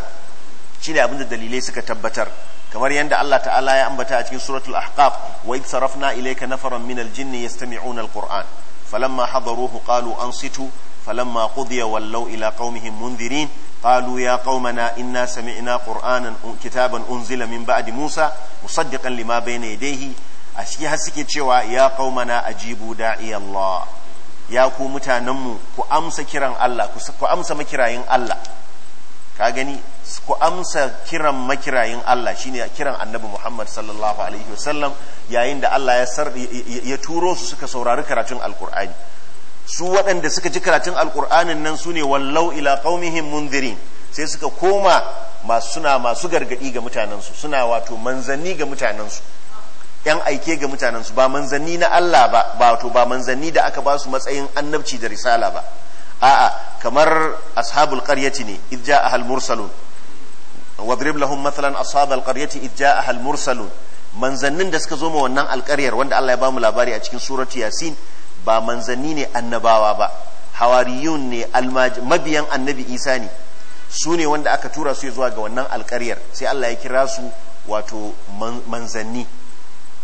Speaker 1: shine abin da dalilai suka tabbatar kamar yadda Allah ta'ala ya ambata a cikin suratul ahqaf wa id sarafna ilayka nafaran min al-jinn yastami'una al-qur'an falamma hadaruhu qalu ansitu falamma qudiya wallaw ila qaumihim mundirin قالوا يا قومنا إنا سمعنا قرآنا كتابا أنزل من بعد موسى مصدقا لما بين يديه أشياء سكي تشوى يا قومنا أجيبوا داعي الله ya ku mutanenmu ku amsa kiran Allah ku amsa makirayin Allah ka gani ku amsa kiran makirayin Allah shine kiran annabi Muhammad sallallahu alaihi wasallam yayin da Allah ya sar turo su suka saurari karatun alkur'ani su waɗanda suka ji karatun alkur'anin nan su ne wallau ila qaumihim munzirin sai suka koma masu suna masu gargadi ga mutanensu suna wato manzanni ga mutanensu yan aike ga mutanensu ba manzanni na Allah ba ba to ba manzanni da aka ba su matsayin annabci da risala ba a'a kamar ashabul qaryati ne id ja'a al mursalun wadrib lahum mathalan ashabal qaryati id ja'a al mursalun manzannin da suka zo ma wannan alƙaryar wanda Allah ya ba mu labari a cikin suratu yasin ba manzanni ne annabawa ba hawariyun ne mabiyan annabi isa ne su ne wanda aka tura su zuwa ga wannan alƙaryar sai Allah ya kira su wato manzanni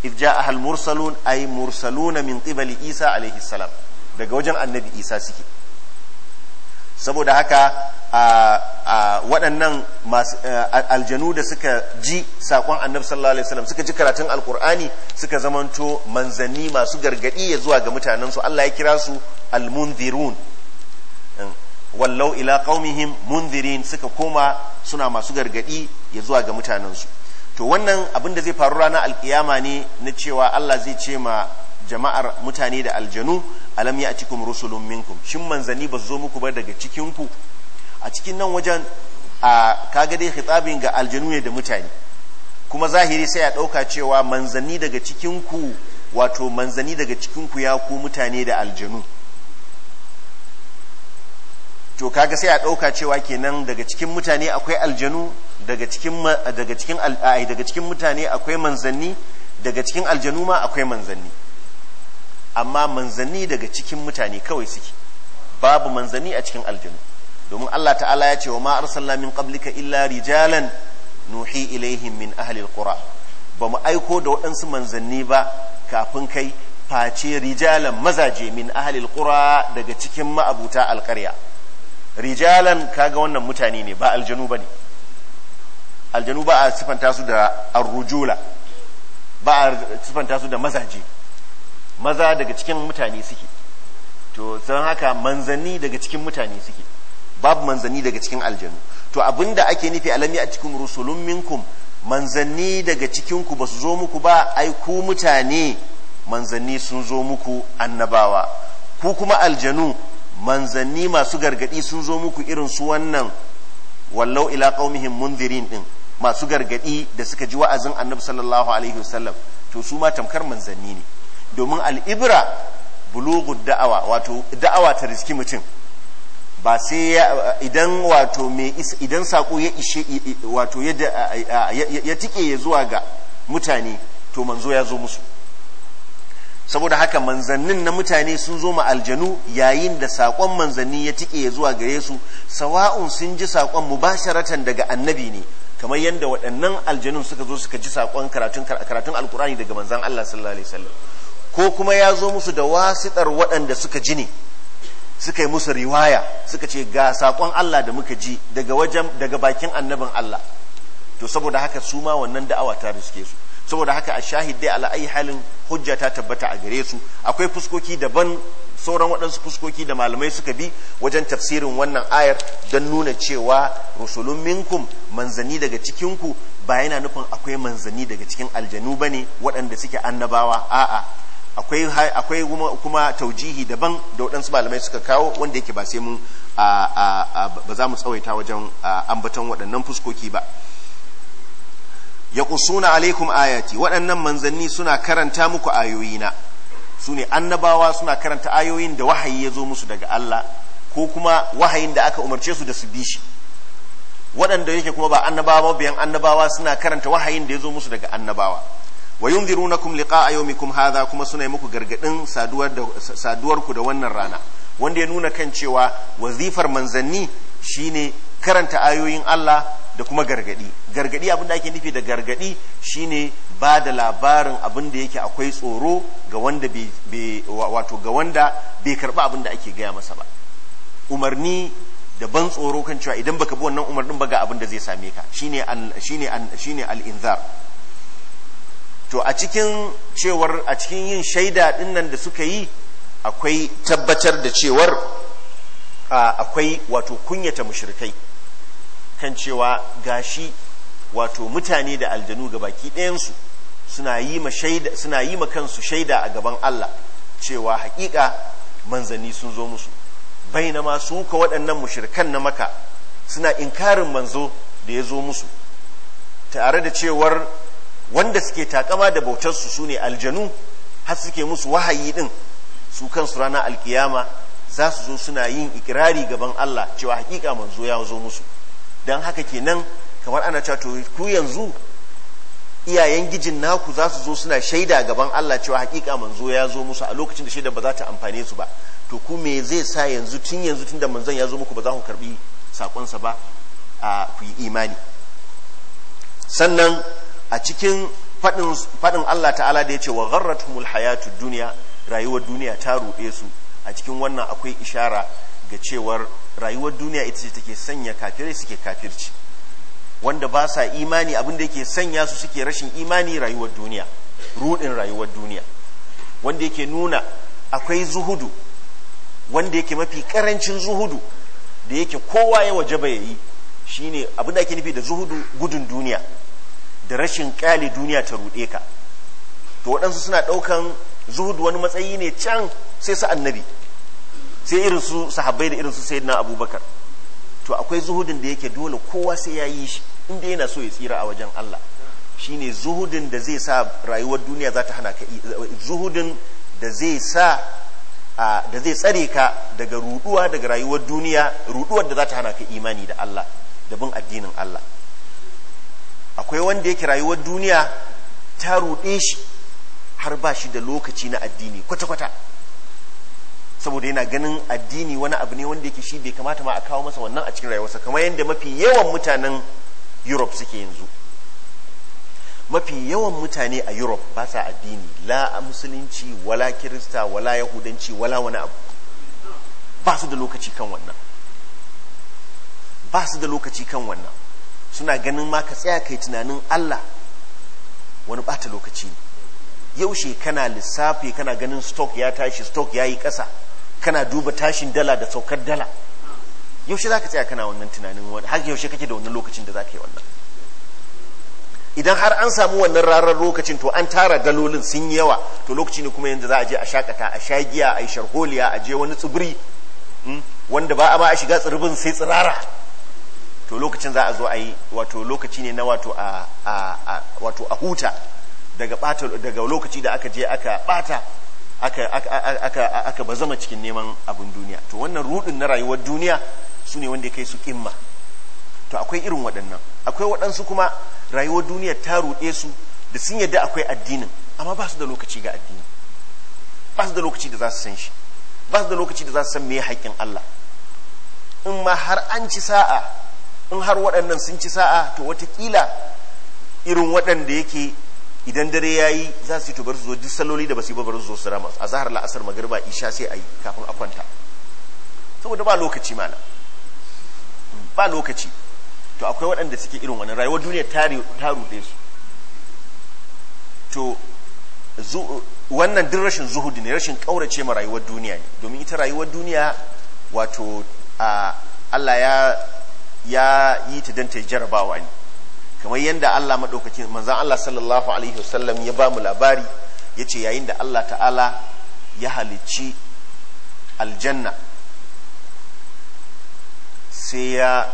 Speaker 1: idh ja'aha al-mursalun ay mursaluna min ƙibali Isa alaihi daga wajen annabi Isa suke saboda haka waɗannan aljanu da suka ji saƙon annabi sallallahu alaihi wasallam suka ji karatun alkur'ani suka zamanto manzanni masu gargaɗi ya zuwa ga mutanensu Allah ya kira su almunzirun wallau ila qaumihim munzirin suka koma suna masu gargaɗi ya zuwa ga mutanensu to wannan abin da zai faru ranar alkiyama ne na cewa Allah zai ce ma jama'ar mutane da aljanu alam ya'tikum rusulun minkum shin manzani ba zo muku ba daga cikin a cikin nan wajen a kaga dai hitsabin ga aljanu ne da mutane kuma zahiri sai a dauka cewa manzani daga cikin wato manzani daga cikin ku ya ku mutane da aljanu to kaga sai a ɗauka cewa kenan daga cikin mutane akwai aljanu daga cikin daga cikin al'ai daga cikin mutane akwai manzanni daga cikin aljanu ma akwai manzanni amma manzanni daga cikin mutane kawai suke babu manzanni a cikin aljanu domin Allah ta'ala ya ce wa ma arsalna min qablika illa rijalan nuhi ilaihim min ahli alqura ba mu aiko da waɗansu manzanni ba kafin kai face rijalan mazaje min ahli alqura daga cikin ma'abuta alƙarya rijalan kaga wannan mutane ne ba aljanu ba ne aljanu ba a sifanta su da arrujula ba a sifanta su da mazaje maza daga cikin mutane suke to don haka manzanni daga cikin mutane suke babu manzanni daga cikin aljanu to abinda ake nufi alami a cikin rusulun minkum manzanni daga cikinku ba su zo muku ba ai ku mutane manzanni sun zo muku annabawa ku kuma aljanu manzanni masu gargadi sun zo muku irin su wannan wallau ila qaumihim munzirin din masu gargadi da suka ji wa'azin annabi sallallahu alaihi wasallam to su ma tamkar manzanni ne domin al'ibra bulughud da'awa wato da'awa ta riski mutum ba sai idan wato me idan sako ya ishe wato ya tike ya zuwa ga mutane to manzo ya zo musu saboda haka manzannin na mutane sun zo ma aljanu yayin da saƙon manzanni ya tike zuwa gare su sawa'un sun ji saƙon mubasharatan daga annabi ne kamar yadda waɗannan aljanun suka zo suka ji saƙon karatun alkurani daga manzan Allah sallallahu alaihi wasallam ko kuma ya zo musu da wasitar waɗanda suka ji ne suka yi musu riwaya suka ce ga saƙon Allah da muka ji daga daga bakin annabin Allah to saboda haka su ma wannan da'awa ta riske su saboda haka a shahid dai ala ayi halin hujja ta tabbata a gare su akwai fuskoki daban sauran waɗansu fuskoki da malamai suka bi wajen tafsirin wannan ayar don nuna cewa rusulun minkum manzanni daga cikinku ba yana nufin akwai manzani daga cikin aljanu ba ne waɗanda suke annabawa a'a akwai akwai kuma taujihi daban da waɗansu malamai suka kawo wanda yake ba sai mun ba za mu tsawaita wajen ambaton waɗannan fuskoki ba suna alaikum ayati waɗannan manzanni suna karanta muku ayoyina su ne annabawa suna karanta ayoyin da wahayi ya zo musu daga Allah ko kuma wahayin da aka umarce su da su bi shi waɗanda yake kuma ba annabawa biyan annabawa suna karanta wahayin da ya zo musu daga annabawa wa yunzirunakum liqa'a yawmikum hadha kuma suna muku gargadin saduwar da ku da wannan rana wanda ya nuna kan cewa wazifar manzanni shine karanta ayoyin Allah da kuma gargadi gargadi abin da ake nufi da gargadi shine ba da labarin abin da yake akwai tsoro ga wanda bai wato ga wanda bai karba abin da ake gaya masa ba umarni da ban tsoro kan cewa idan baka bi wannan umarnin ba ga abin da zai same ka shine shine shine al-inzar to a cikin cewar a cikin yin shaida din nan da suka yi akwai tabbatar da cewar akwai wato kunyata mushrikai kan cewa gashi wato mutane da aljanu ga baki ɗayansu suna yi ma kansu shaida a gaban Allah cewa haƙiƙa manzanni sun zo musu baina ma ka waɗannan mushirikan na maka suna inkarin manzo da ya zo musu tare da cewar wanda suke takama da bautarsu su ne aljanu har suke musu wahayi ɗin su kansu rana alkiyama za su zo suna yin ikirari gaban Allah cewa haƙiƙa manzo ya zo musu don haka kenan kamar ana cewa ku yanzu iyayen gijin naku za su zo suna shaida gaban Allah cewa hakika manzo ya zo musu a lokacin da shaida ba za ta amfane su ba to ku me zai sa yanzu tun yanzu tun da manzon ya zo muku ba za ku karbi sakonsa ba a ku yi imani sannan a cikin faɗin Allah ta'ala da ya ce wa gharratumul hayatu duniya rayuwar duniya ta ruɗe su a cikin wannan akwai ishara ga cewar rayuwar duniya ita ce take sanya kafirai suke kafirci wanda ba sa imani abin da yake sanya su suke rashin imani rayuwar duniya ruɗin rayuwar duniya wanda yake nuna akwai zuhudu wanda yake mafi karancin zuhudu da yake kowa ya ba ya yi shine abin da ake nufi da zuhudu gudun duniya da rashin kyale duniya ta ruɗe ka to waɗansu suna ɗaukan zuhudu wani matsayi ne can sai su annabi sai irin sahabbai da irin su sayyidina abubakar to akwai zuhudin da yake dole kowa sai ya yi shi inda yana so ya tsira a wajen Allah shine zuhudin da zai sa rayuwar duniya za ta hana ka zuhudin da zai sa da zai tsare ka daga ruduwa daga rayuwar duniya ruduwar da za ta hana ka imani da Allah da bin addinin Allah akwai wanda yake rayuwar duniya ta ruɗe shi har ba shi da lokaci na addini kwata-kwata saboda yana ganin addini wani abu ne wanda yake shi bai kamata ma a kawo masa wannan a cikin rayuwarsa kamar yadda mafi yawan mutanen europe suke yanzu mafi yawan mutane a europe ba sa addini la musulunci wala kirista wala yahudanci wala wani abu ba su da lokaci kan wannan ba su da lokaci kan wannan suna ganin ma ka tsaya kai tunanin allah wani bata lokaci ne yaushe kana lissafi kana ganin stock ya tashi stock ya yi ƙasa kana duba tashin dala da saukar dala yaushe za ka tsaya kana wannan tunanin wani har yaushe kake da wannan lokacin da za ka yi wannan idan har an samu wannan ranar lokacin to an tara dalolin sun yi yawa to lokaci ne kuma yadda za a je a shakata a shagiya a yi sharholiya a je wani tsibiri hmm, wanda ba a ba a shiga tsirbin sai tsirara to lokacin za a zo a yi wato lokaci ne na wato a wato a huta daga bata daga lokaci da aka je aka bata aka aka aka bazama cikin neman abin duniya to wannan rudin na rayuwar duniya su ne wanda ya kai su kimma to akwai irin waɗannan akwai waɗansu kuma rayuwar duniya ta ruɗe su da sun yadda akwai addinin amma ba su da lokaci ga addini ba su da lokaci da za su san shi ba su da lokaci da za su san me haƙƙin Allah in ma har an ci sa'a in har waɗannan sun ci sa'a to watakila irin waɗanda yake idan dare ya yi za su yi to su zo duk saloli da ba su yi ba su zo su a zahar la'asar magariba isha sai a yi kafin a kwanta saboda ba lokaci mana ba lokaci to akwai waɗanda suke irin wani rayuwar duniya ta ruɗe su to wannan duk rashin zuhudi ne rashin ƙaurace ma rayuwar duniya ne domin ita rayuwar duniya wato Allah ya ya yi ta danta jarabawa ne kamar yadda Allah maɗaukakin manzan Allah sallallahu alaihi wasallam ya ba mu labari ya ce yayin da Allah ta'ala ya halicci aljanna sai ya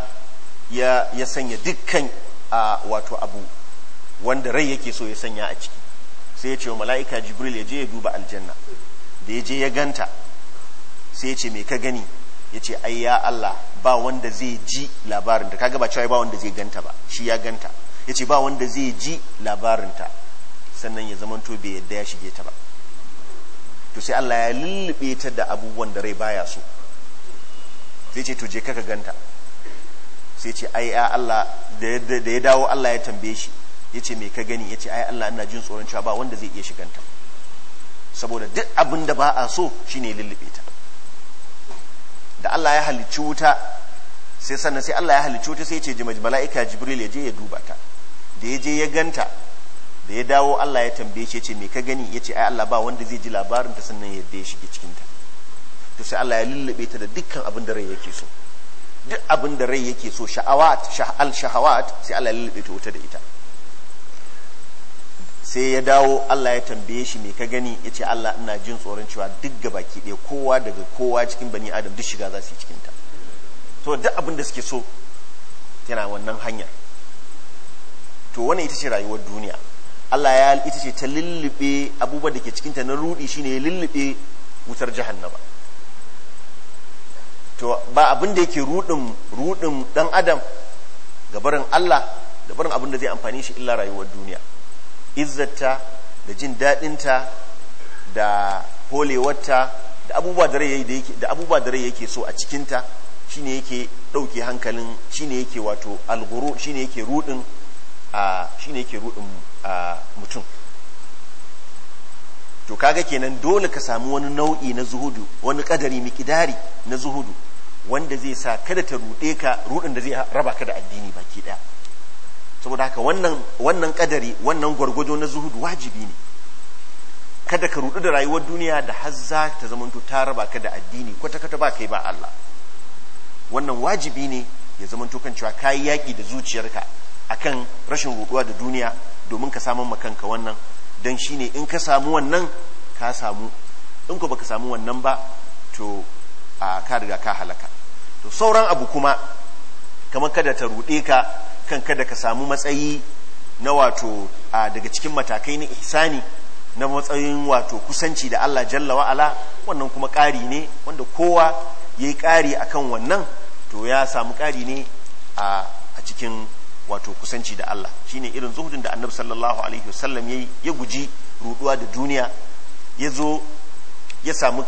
Speaker 1: ya ya sanya dukkan a wato abu wanda rai yake so ya sanya a ciki sai ya ce wa mala'ika jibril ya je ya duba aljanna da ya je ya ganta sai ya ce me ka gani ya ce ai ya Allah ba wanda zai ji labarinta ka gaba cewa ba wanda zai ganta ba shi ya ganta ya ce ba wanda zai ji labarinta sannan ya zamanto bai yadda ya shige ta ba to sai Allah ya lullube ta da abubuwan da rai baya so sai ce to je ka ganta sai ce ai ya Allah da ya dawo Allah ya tambaye shi ya ce me ka gani ya ce ai Allah ina jin tsoron cewa ba wanda zai iya shiganta saboda duk abin da ba a so shine lullube ta da Allah ya halicci wuta sai sannan sai Allah ya halicci wuta sai ya ce mala'ika Jibril ya je ya duba ta da ya je ya ganta da ya dawo Allah ya tambaye shi ya ce me ka gani ya ce ai Allah ba wanda zai ji labarin ta sannan ya yadda ya shige cikin ta to sai Allah ya lullube ta da dukkan abin da rai yake so duk abin da rai yake so sha'awat sha'al shahawat sai Allah ya lullube ta wuta da ita sai ya dawo Allah ya tambaye shi me ka gani yace Allah ina jin tsoron cewa duk gabaki ɗaya kowa daga kowa cikin bani adam duk shiga za su yi cikin ta to duk abin da suke so tana wannan hanyar to wannan ita ce rayuwar duniya Allah ya ita ce ta lullube abubuwan da ke cikinta na rudi shine ya lullube wutar jahannama to ba abin da yake rudin rudin dan adam ga barin Allah da barin abin da zai amfani shi illa rayuwar duniya izzata da jin daɗinta da holewarta da abubuwa da rai yake da abubuwa da rai yake so a cikinta shine yake ɗauke hankalin shine yake wato alghuru shine yake rudin a shine yake rudin mutum to kaga kenan dole ka samu wani nau'i na zuhudu wani kadari mikidari na zuhudu wanda zai sa kada ta rude ka rudin da zai raba ka da addini baki daya saboda haka wannan wannan kadari wannan gwargwado na zuhudu wajibi ne kada ka rudu da rayuwar duniya da har za ta zamanto ta raba ka da addini kwata kwata ba kai ba Allah wannan wajibi ne ya zamanto kan cewa kai yaki da zuciyarka akan rashin ruduwa da duniya domin ka samu makanka wannan don shi ne in ka samu wannan ka samu in ku baka samu wannan ba to a ka riga ka halaka to sauran abu kuma kamar kada ta ruɗe ka kan kada ka samu matsayi na wato daga cikin matakai na ihsani na matsayin wato kusanci da Allah jalla wa'ala wannan kuma ƙari ne wanda kowa ya yi ƙari a wannan to ya samu ƙari ne a cikin wato kusanci da Allah shine irin zuhudin da annabi sallallahu alaihi wasallam yayi ya guji ruduwa da duniya ya zo ya samu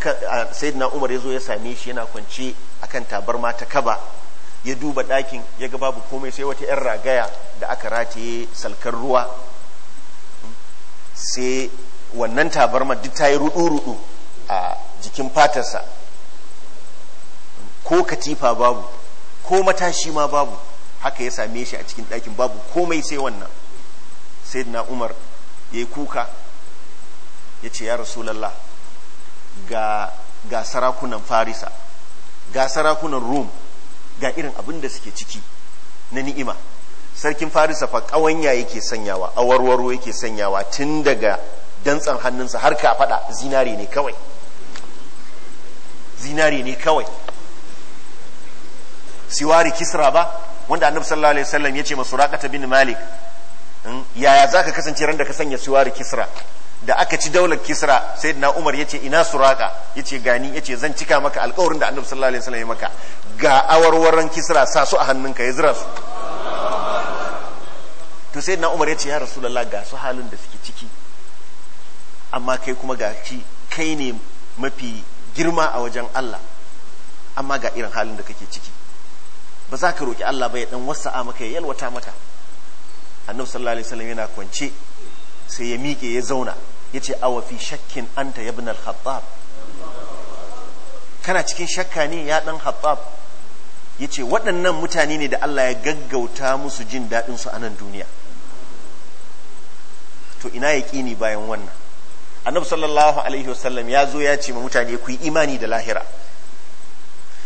Speaker 1: sayyidina Umar ya zo ya same shi yana kwance kan tabarma ta kaba ya duba ɗakin ya ga babu komai sai wata 'yan ragaya da aka rataye salkar ruwa sai wannan tabarma duk ta yi rudu-rudu a jikin fatarsa ko katifa babu ko matashi ma babu haka ya same shi a cikin ɗakin babu komai sai wannan sai na umar ya yi kuka ya ce ya rasu lalla. ga sarakunan farisa ga sarakunan rum ga irin abin da suke ciki na ni'ima sarkin farisa fa ƙawanya yake sanyawa awarwaro yake sanyawa tun daga dantsan hannunsa har ka faɗa zinare ne kawai zinare ne kawai siwari kisra ba wanda annabi sallallahu alaihi wasallam ya ce ma suraqata bin malik hmm, yaya zaka kasance ran da ka sanya siwari kisra da aka ci daular kisra sai na umar ya ce ina suraka ya ce gani ya ce zan cika maka alkawarin da annabi sallallahu alaihi wasallam ya maka ga awarwaran kisra sa su a hannunka ya zira su to sai na umar ya ce ya rasulullah ga su halin da suke ciki amma kai kuma ga ci kai ne mafi girma a wajen Allah amma ga irin halin da kake ciki ba za ka roki Allah ba ya dan wasa maka ya yalwata maka annabi sallallahu alaihi wasallam yana kwance sai ya miƙe ya zauna yace awa fi shakkin anta ya binal haɓɓab. kana cikin shakka ne ya haɓɓab ya yace waɗannan mutane ne da Allah ya gaggauta musu jin daɗin su a nan duniya to ina yaqini bayan wannan annabi sallallahu alaihi wasallam ya zo ya ce ma mutane ku yi imani da lahira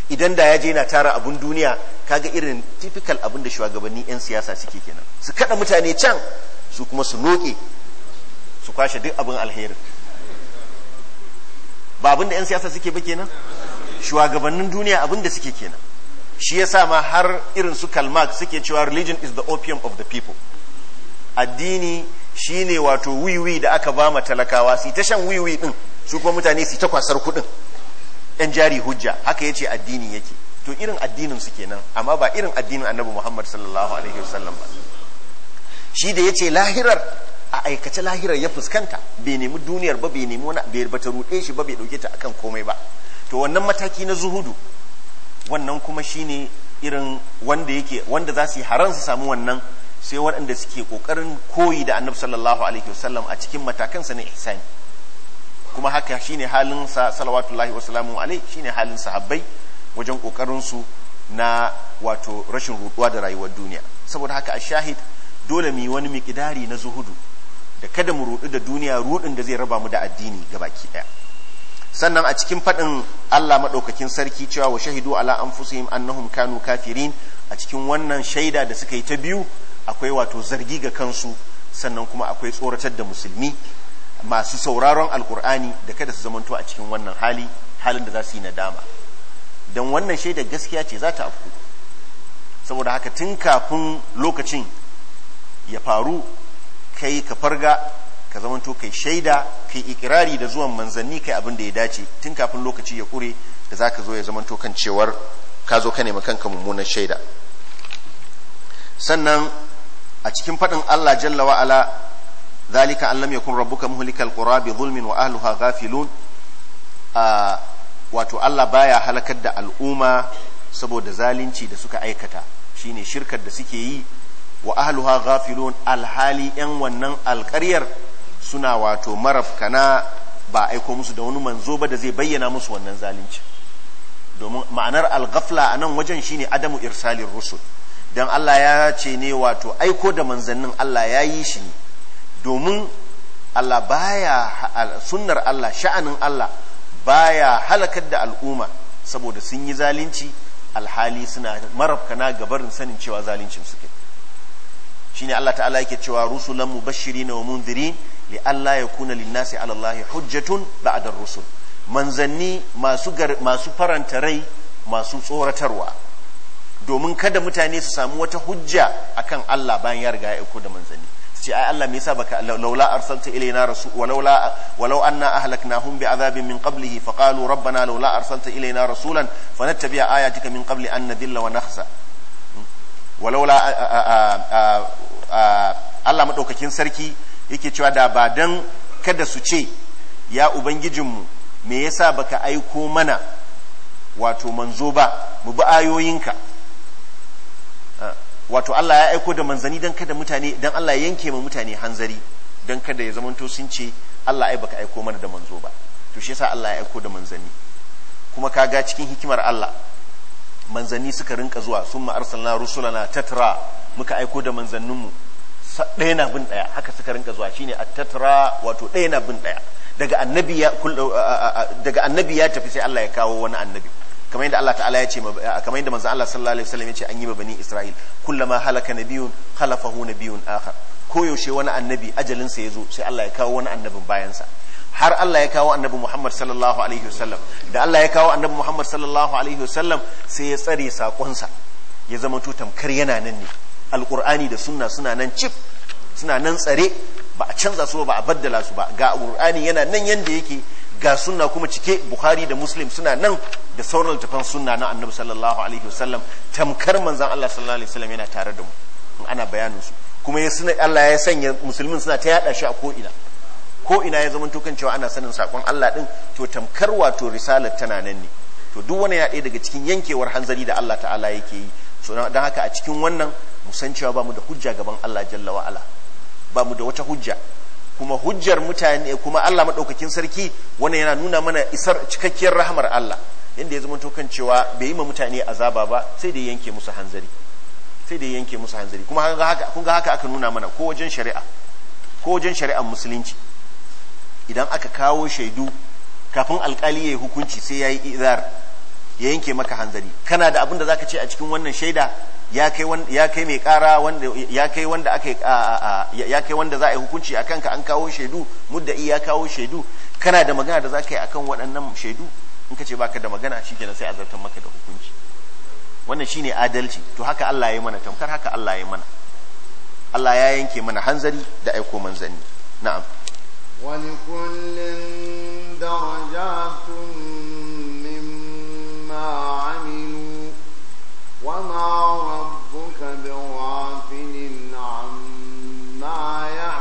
Speaker 1: idan da ya je na tara abun duniya kaga irin typical abun da shugabanni 'yan siyasa suke kenan su kada mutane can su kuma su noke su kwashe duk abin alherin ba abin da 'yan siyasa suke ba kenan shugabannin duniya abin da suke kenan shi yasa ma har irin su kalmak suke cewa religion is the opium of the people addini shine wato wiwi da aka ba ma talakawa su ta shan wiwi din su kuma mutane su ta kwasar kuɗin yan jari hujja haka ya ce addini yake to irin addinin su kenan amma ba irin addinin annabi Muhammad sallallahu alaihi wasallam ba shi da yace lahirar a aikace lahirar ya fuskanta bai nemi duniyar ba bai nemi wani bai bata ruɗe shi ba bai dauke ta akan komai ba to wannan mataki na zuhudu wannan kuma shine irin wanda yake wanda za su yi haran su samu wannan sai waɗanda suke kokarin koyi da annabi sallallahu alaihi wasallam a cikin matakansa na ihsani kuma haka shine halin sa salawatullahi wa salamu alai shine halin sahabbai wajen kokarin su na wato rashin ruduwa da rayuwar duniya saboda haka a shahid dole mu yi wani miƙidari na zuhudu da kada mu rudu da duniya rudin da zai raba mu da addini gabaki ɗaya. sannan a cikin faɗin Allah maɗaukakin sarki cewa wa shahidu ala an anfusihim annahum kanu kafirin a cikin wannan shaida da suka yi ta biyu akwai wato zargi ga kansu sannan kuma akwai tsoratar da musulmi masu sauraron alkur'ani da kada su zamanto a cikin wannan hali halin da za su yi nadama don wannan shaida gaskiya ce za ta afku saboda haka tun kafin lokacin ya faru kai ka farga ka zamanto kai shaida kai ikirari da zuwan manzanni kai abin da ya dace tun kafin lokaci ya kure da za ka zo ya zamanto kan cewar ka zo ka nemi kanka mummunan shaida sannan a cikin faɗin Allah jalla wa'ala zalika an lam yakun rabbuka muhlikal qura bi zulmin wa ahliha ghafilun wato Allah baya halakar da al'umma saboda zalunci da suka aikata shine shirkar da suke yi wa ahluha ghafilun alhali yan wannan alƙaryar suna wato marafkana ba aiko musu da wani manzo ba da zai bayyana musu wannan zalunci domin ma'anar alghafla a nan wajen shine adamu irsalin rusul dan Allah ya ce ne wato aiko da manzannin Allah ya yi shi ne domin Allah baya sunnar Allah sha'anin Allah baya halakar da al'umma saboda sun yi zalunci alhali suna marafkana gabarin sanin cewa zaluncin suke shine Allah ta'ala yake cewa rusulan mubashirin wa mundirin li alla yakuna linnasi ala Allah hujjatun ba'da rusul manzanni masu masu faranta rai masu tsoratarwa domin kada mutane su samu wata hujja akan Allah bayan ya riga ya aiko da manzanni ce ai Allah me yasa baka laula arsalta ilaina rasul wa laula walau anna ahlaknahum bi'adhabin min qablihi faqalu rabbana laula arsalta ilaina rasulan fanattabi'a ayatika min qabli an nadilla wa nakhsa walaula Allah madaukakin sarki yake cewa da ba dan kada su ce ya ubangijinmu me yasa baka aiko mana wato manzo ba mu bi ayoyinka wato Allah ya aiko da manzani don kada mutane don Allah yanke ma mutane hanzari don kada ya zamanto sun ce Allah ai baka aiko mana da manzo ba to shi yasa Allah ya aiko da manzani kuma kaga cikin hikimar Allah manzanni suka rinka zuwa sun arsalna rusulana tatra muka aiko da mu ɗaya na bin ɗaya haka suka rinka zuwa shine a tatra wato ɗaya na bin ɗaya daga annabi ya tafi sai Allah ya kawo wani annabi kamar yadda Allah ta'ala ya ce kamar yadda manzon Allah sallallahu alaihi wasallam ya ce an yi bani Isra'il kullama halaka nabiyun khalafahu nabiyun akhar koyaushe wani annabi ajalin sa yazo sai Allah ya kawo wani annabin bayan sa har Allah ya kawo annabi Muhammad sallallahu alaihi wasallam da Allah ya kawo annabi Muhammad sallallahu alaihi wasallam sai ya tsare sa ya zama to tamkar yana nan ne alqur'ani da sunna suna nan cif suna nan tsare ba a canza su ba a baddala su ba ga alqur'ani yana nan yanda yake ga sunna kuma cike bukhari da muslim suna nan da sauran littafan sunna na annabi sallallahu alaihi wasallam tamkar manzon Allah sallallahu alaihi wasallam yana tare da mu ana bayanin su kuma ya suna Allah ya sanya musulmin suna ta yada shi a ko ina ko ina ya zama kan cewa ana sanin sakon Allah din to tamkar wato risalar tana nan ne to duk wani ya daga cikin yankewar hanzari da Allah ta'ala yake yi so dan haka a cikin wannan mu san cewa mu da hujja gaban Allah jalla wa ala mu da wata hujja kuma hujjar mutane kuma Allah madaukakin sarki wannan yana nuna mana isar cikakkiyar rahmar Allah inda ya zama to kan cewa bai yi ma mutane azaba ba sai da yanke musu hanzari sai da yanke musu hanzari kuma kun ga haka aka nuna mana ko wajen shari'a ko wajen shari'ar musulunci idan aka kawo shaidu kafin alkali ya yi hukunci sai ya yi izar ya yanke maka hanzari kana da abin da zaka ce a cikin wannan shaida ya kai mai kara ya kai wanda aka ya kai wanda za a yi hukunci a kanka an kawo shaidu mudda iya kawo shaidu kana da magana da za ka yi kan waɗannan shaidu in ka ce baka da magana shi kenan sai a zartar maka da hukunci wannan shine adalci to haka Allah ya yi mana tamkar haka Allah ya yi mana Allah ya yanke mana hanzari da aiko manzanni na'am
Speaker 2: wani kullum darajatun mimma amil وما ya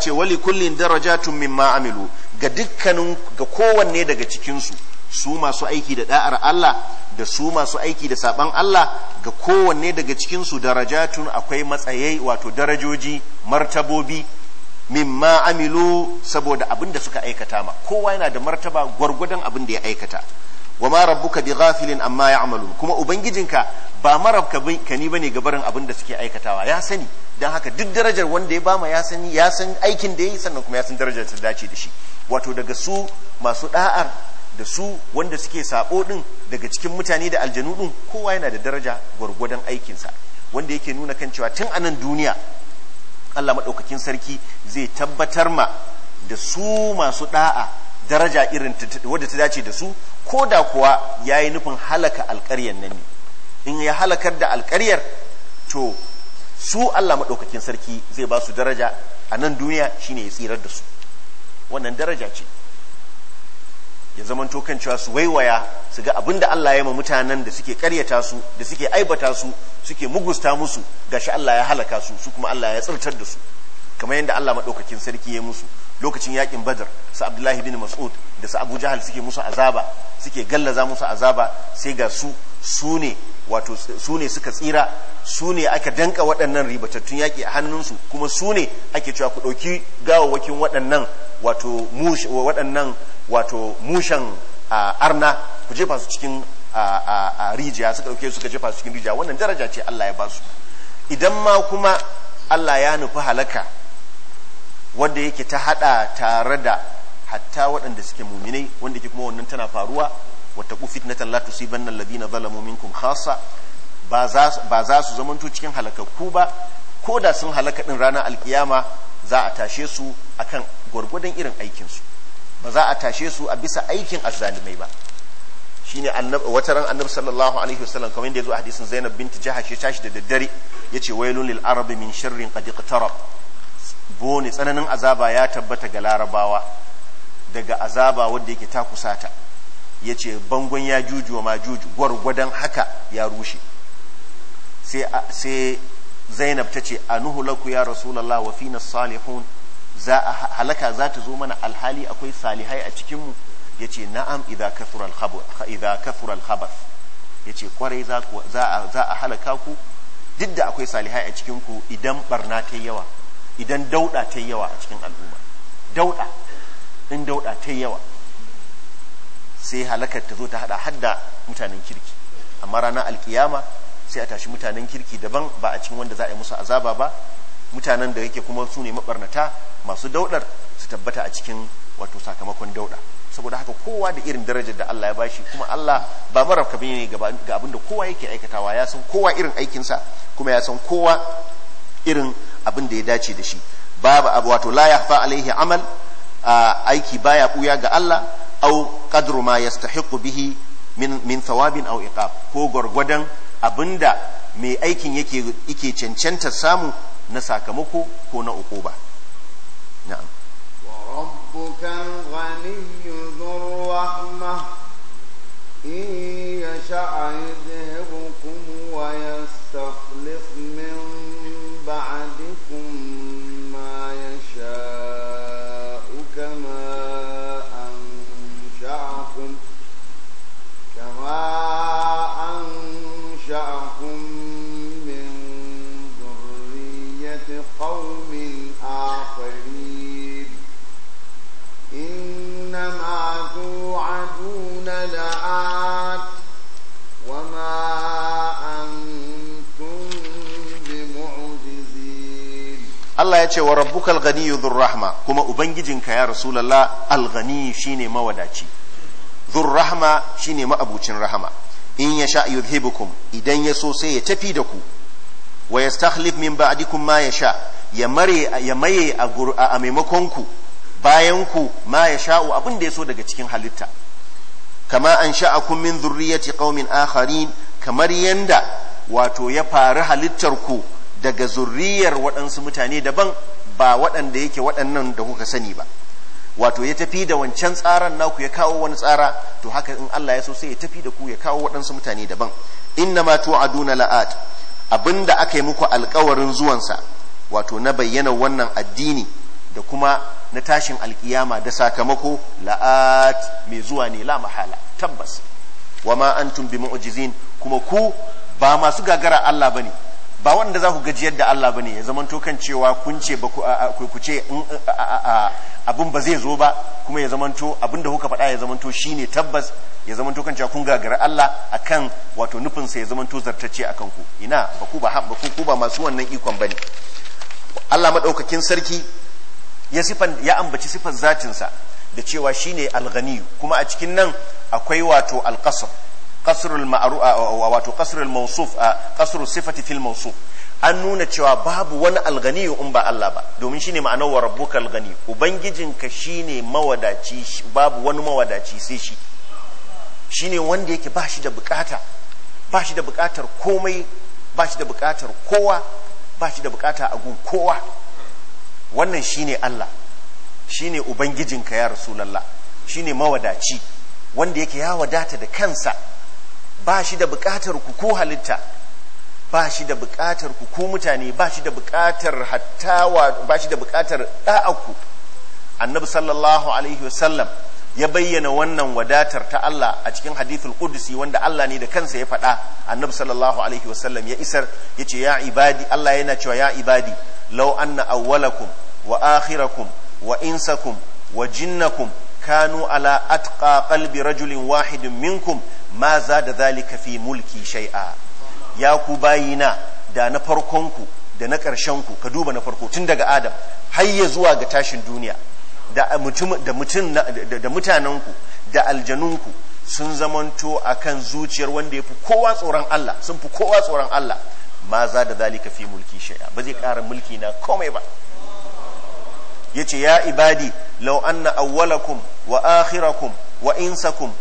Speaker 1: ce wali يعملون الله يتي tun min مما عملوا ga dukkanin ga kowanne daga cikinsu su masu aiki da da'ar Allah da su masu aiki da saban Allah ga kowanne daga cikinsu darajatun akwai matsayai wato darajoji martabobi mimma amilu saboda abin da suka aikata ma kowa yana da martaba gwargwadon abin da ya aikata wa ma rabbuka bi ghafilin amma ya'malun kuma ubangijinka ba marabka ka ni bane gabarin abin da suke aikatawa ya sani dan haka duk darajar wanda ya bama ya sani ya san aikin da yayi sannan kuma ya san darajar ta dace da shi wato daga su masu da'ar da su wanda suke sabo din daga cikin mutane da aljanu din kowa yana da daraja gwargwadon aikinsa wanda yake nuna kan cewa tun anan duniya Allah madaukakin sarki zai tabbatar ma da su masu da'a daraja irin wadda ta dace da su ko da kuwa ya yi nufin halaka alkaryar nan ne in ya halakar da alkaryar to su Allah maɗaukakin sarki zai ba su daraja a nan duniya shine ya tsirar da su wannan daraja ce ya zamanto kan cewa su waiwaya su ga abin da Allah ya ma mutanen da suke karyata su da suke aibata su suke mugusta musu gashi Allah ya halaka su su kuma Allah ya tsirtar da su kamar yadda Allah maɗaukakin sarki ya musu lokacin yakin badar su abdullahi bin mas'ud da su abu jahal suke musu azaba suke gallaza musu azaba sai ga su su ne wato su ne suka tsira su ne aka danka waɗannan ribatattun yaƙi a hannunsu kuma su ne ake cewa ku ɗauki gawawwakin waɗannan wato waɗannan wato mushan arna ku jefa su cikin rijiya suka ɗauke suka jefa su cikin rijiya wannan daraja ce Allah ya ba su idan ma kuma Allah ya nufi halaka Wanda yake ta hada tare da hatta waɗanda suke muminai wanda ke kuma wannan tana faruwa wata ku na la tusibanna alladhina zalamu minkum khassa ba za su zamanto cikin halakakku ba ko da sun halaka din ranar alkiyama za a tashe su akan gwargwadon irin aikin su ba za a tashe su a bisa aikin azzalimai ba shine annabi wata ran sallallahu alaihi wasallam kamar yadda yazo a hadisin Zainab binti Jahash ya tashi da daddare yace wailul lil arabi min sharrin qad iqtarab Boni tsananin azaba ya tabbata ga larabawa daga azaba wadda yake ta kusata ya ce bangon ya juju wa majuju gwargwadon haka ya rushe sai zainab ta ce a nuhu laku ya rasulallah wa fina salihun za a halaka za ta zo mana alhali akwai salihai a cikinmu ya ce na'am idan fural habas. ya ce kwarai za a halaka ku duk da akwai salihai a cikinku idan barna ta yawa idan dauda ta yi yawa a cikin al'umma dauda in dauda ta yi yawa sai halakar ta zo ta hada hadda mutanen kirki amma rana alkiyama sai a tashi mutanen kirki daban ba a cikin wanda za a yi musu azaba ba mutanen da yake kuma su ne mabarnata masu daudar su tabbata a cikin wato sakamakon dauda saboda haka kowa da irin darajar da Allah ya bashi kuma Allah ba marafka bane ne ga abin da kowa yake aikatawa ya san kowa irin aikinsa kuma ya san kowa irin abin da ya dace da shi babu abu wato la fa alaihi amal aiki baya buya ga Allah au qadru ma yastahiqu bihi min min thawabin aw iqab ko gwargwadon abinda mai aikin yake yake cancanta samu na sakamako ko na uquba na'am
Speaker 2: wa rabbuka ghaniyyu dhur rahmah in wa
Speaker 1: Allah ya ce wa rabbukal ghaniyyu dhur rahma kuma ubangijinka ya rasulullah al ghani shine mawadaci dhur rahma shine ma'abucin rahama in yasha yudhibukum idan ya so sai ya tafi da ku wa yastakhlif min ba'dikum ma yasha ya mare ya maye a maimakon ku bayan ku ma yasha'u abin da ya so daga cikin halitta kama an sha'akum min dhurriyyati qaumin akharin kamar yanda wato ya faru halittar ku daga zurriyar waɗansu mutane daban ba waɗanda yake waɗannan da kuka sani ba wato ya tafi da wancan tsaran naku ya kawo wani tsara to haka in Allah ya so sai ya tafi da ku ya kawo waɗansu mutane daban inna ma tu'aduna la'at abinda aka yi muku alkawarin zuwansa wato na bayyana wannan addini da kuma na tashin alkiyama da sakamako la'at mai zuwa ne la mahala tabbas wa ma antum bi mu'jizin kuma ku ba masu gagara Allah bane ba wanda za ku gajiyar da Allah bane ya zamanto kan cewa kun ce ba ku ce abin ba zai zo ba kuma ya zamanto abin da kuka faɗa ya zamanto shine tabbas ya zamanto kan cewa kun gagara Allah akan wato nufin sa ya zamanto zartacce akan ku ina ba ku ba ba ku ba masu wannan ikon bane Allah madaukakin sarki ya sifan ya ambaci sifar zatin sa da cewa shine al kuma a cikin nan akwai wato al-qasr qasrul ma'ru'a wato qasrul mawsuf qasrul sifati fil mawsuf an nuna cewa babu wani algani in ba Allah ba domin shine ma'anar wa rabbuka algani ubangijinka shine mawadaci babu wani mawadaci sai shi shine wanda yake ba shi da bukata ba shi da bukatar komai ba shi da bukatar kowa ba shi da bukata a gun kowa wannan shine Allah shine ubangijinka ya rasulullah shine mawadaci wanda yake ya wadata da kansa ba shi da buƙatar ku ko halitta ba shi da buƙatar ku ko mutane ba shi da buƙatar hattawa ba shi da buƙatar ɗa'aku annabi sallallahu alaihi wasallam ya bayyana wannan wadatar ta Allah a cikin hadithul qudsi wanda Allah ne da kansa ya faɗa annabi sallallahu alaihi wasallam ya isar ce ya ibadi Allah yana cewa ya ibadi law anna awwalakum wa akhirakum wa insakum wa jinnakum kanu ala atqa qalbi rajulin wahidin minkum ma za da zalika fi mulki shay'a ya ku bayina da na farkon ku da na ku ka duba na farko tun daga adam har ya zuwa ga tashin duniya da mutum da mutum da ku da ku sun zamanto akan zuciyar wanda yafi fi kowa tsoron Allah sun fi kowa tsoron Allah ma za da zalika fi mulki shay'a ba zai ƙara mulki na komai ba yace ya ibadi law anna awwalakum wa akhirakum wa insakum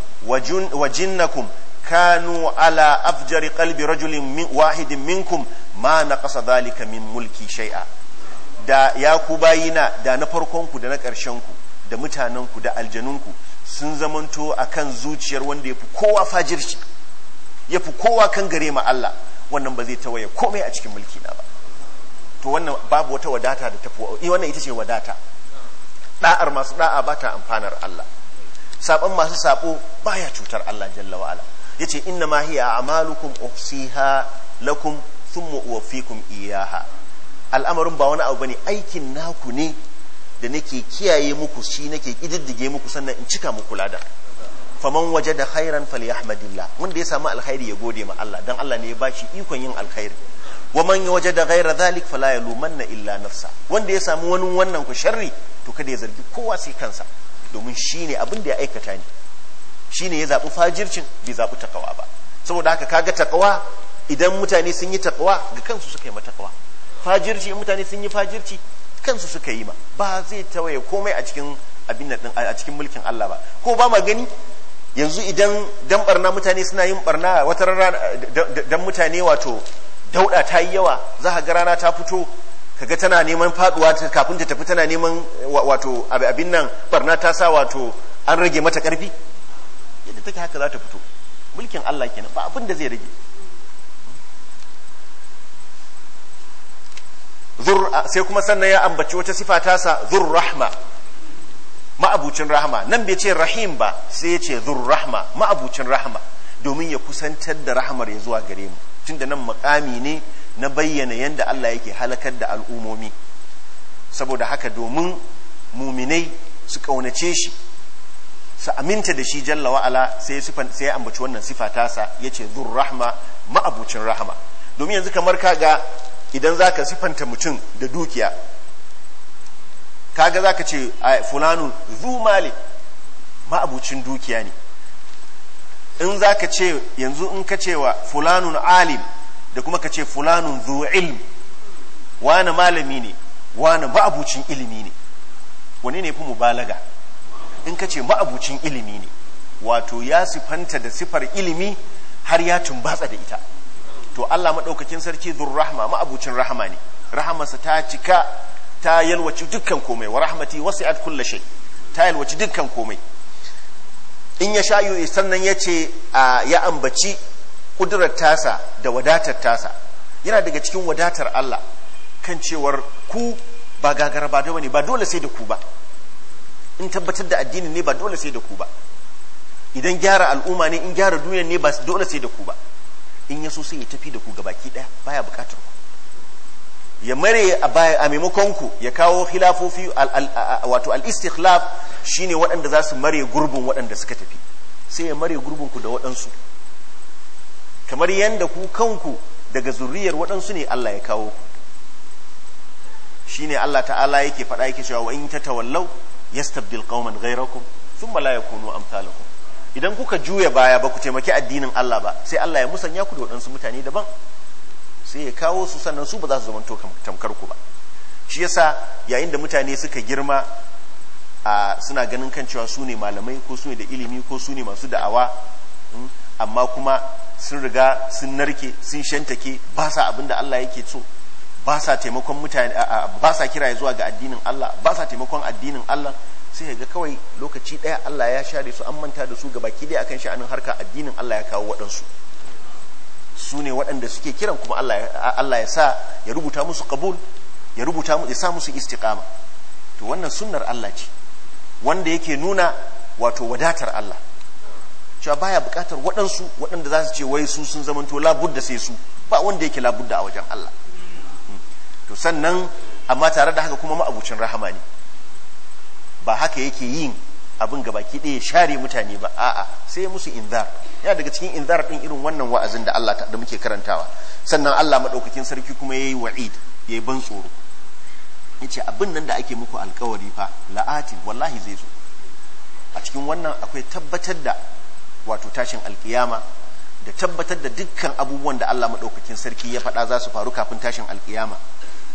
Speaker 1: wa jinnakum kanu ala afjari kalbi rajulin wahidin minkum ma na dhalika min mulki shai'a da ya ku bayina da na farkon ku da na ƙarshen ku da mutanen ku da aljanun ku sun zamanto a kan zuciyar wanda yafi kowa fajirci yafi kowa kan gare ma Allah wannan ba zai tawaye komai a cikin mulki na ba to wannan babu wata wadata da tafi eh, wannan ita ce wadata da'ar masu da'a ba ta amfanar Allah saɓon masu saɓo baya cutar Allah jalla wa'ala ya ce inna ma hiya a'malukum uhsiha lakum thumma uwaffikum iyaha al'amarin ba wani abu bane aikin naku ne da nake kiyaye muku shi nake kididdige muku sannan in cika muku ladan faman waje da khairan falyahmadillah wanda ya samu alkhairi ya gode ma Allah Don Allah ne ya bashi ikon yin alkhairi wa man da gaira zalik fala yalumanna illa nafsa wanda ya samu wani wannan ku sharri to kada ya zargi kowa sai kansa domin shine abin da ya aikata ne shine ya zabi fajircin bai zabi takawa ba saboda haka kaga takawa idan mutane sun yi takawa ga kansu suka yi takawa fajirci in mutane sun yi fajirci kansu suka yi ma ba zai tawaye komai a cikin abin nan a cikin mulkin Allah ba ko ba ma gani yanzu idan dan barna mutane suna yin barna wata rana dan mutane wato dauda ta yi yawa za ka ga rana ta fito kaga tana neman faduwa kafin ta tafi tana neman wato abin nan barna ta sa wato an rage mata karfi yadda take haka za ta fito mulkin Allah kenan ba abin da zai rage sai kuma sannan ya ambaci wata sifa tasa zur rahma ma'abucin rahma nan bai ce rahim ba sai ya ce zur rahma ma'abucin rahma domin ya kusantar da rahmar ya zuwa gare mu da nan makami ne na bayyana yadda Allah yake halakar da al'ummomi saboda haka domin muminai su kaunace shi su aminta da shi jalla wa'ala sai ya ambaci wannan sifa tasa yace zur rahma ma'abucin rahma domin yanzu kamar kaga idan zaka sifanta mutum da dukiya kaga zaka ce fulanu zu male ma'abucin dukiya ne in za ka ce yanzu in ka cewa fulanun alim da kuma ka ce fulanun zu ilm malami ne wane ma'abucin ilimi ne wani ne fi mubalaga in ka ce ma'abucin ilimi ne wato ya sifanta da sifar ilimi har ya tumbatsa da ita to Allah maɗaukakin sarki rahma ma'abucin rahama ne rahamarsa ta cika ta yalwaci dukkan komai wa rahmati wasi'at kulli ta yalwaci dukkan komai in ya sha yi sannan ya ce ya ambaci kudurar tasa da wadatar tasa yana daga cikin wadatar Allah kan cewar ku ba gagara ba ba dole sai da ku ba in tabbatar da addini ne ba dole sai da ku ba idan gyara al'umma ne in gyara duniya ne ba dole sai da ku ba in ya so sai ya tafi da ku gabaki ɗaya baya bukatar ku ya mare a maimakon ku ya kawo khilafofi wato al-istikhlaf shine waɗanda za su mare gurbin waɗanda suka tafi sai ya mare gurbin ku da waɗansu kamar yadda ku kanku daga zuriyar waɗansu ne Allah ya kawo ku shine Allah ta'ala yake faɗa yake cewa wa in tatawallaw yastabdil qauman ghayrakum thumma la yakunu amthalukum idan kuka juya baya ba ku taimaki addinin Allah ba sai Allah ya musanya ku da waɗansu mutane daban sai ya kawo su sannan su ba za su zamanta tamkar ku ba shi yasa yayin da mutane suka girma a suna ganin kan cewa su ne malamai ko su ne da ilimi ko su ne masu da'awa hmm, amma kuma sun riga sun narke sun shantake ba sa abin da Allah yake so ba sa taimakon mutane ba sa kira zuwa ga addinin Allah ba sa taimakon addinin Allah sai ga kawai lokaci ɗaya Allah ya share su an manta da su gabaki ɗaya akan sha'anin harka addinin Allah ya kawo waɗansu su ne waɗanda suke kiran kuma Allah ya sa ya rubuta musu kabul ya rubuta ya sa musu istiqama to wannan sunnar Allah ce wanda yake nuna wato wadatar Allah cewa baya bukatar waɗansu waɗanda za su ce wai su sun zamanto labudda sai su ba wanda yake labudda a wajen Allah to sannan amma tare da haka kuma ma'abucin rahama ne ba haka yake yin abin gabaki ɗaya share mutane ba a'a sai musu inzar ya daga cikin inzar ɗin irin wannan wa'azin da Allah da muke karantawa sannan Allah maɗaukakin sarki kuma ya yayi wa'id yi ban tsoro yace abin nan da ake muku alkawari fa la'ati wallahi zai zo a cikin wannan akwai tabbatar da wato tashin alkiyama da tabbatar da dukkan abubuwan da Allah maɗaukakin sarki ya faɗa za su faru kafin tashin alkiyama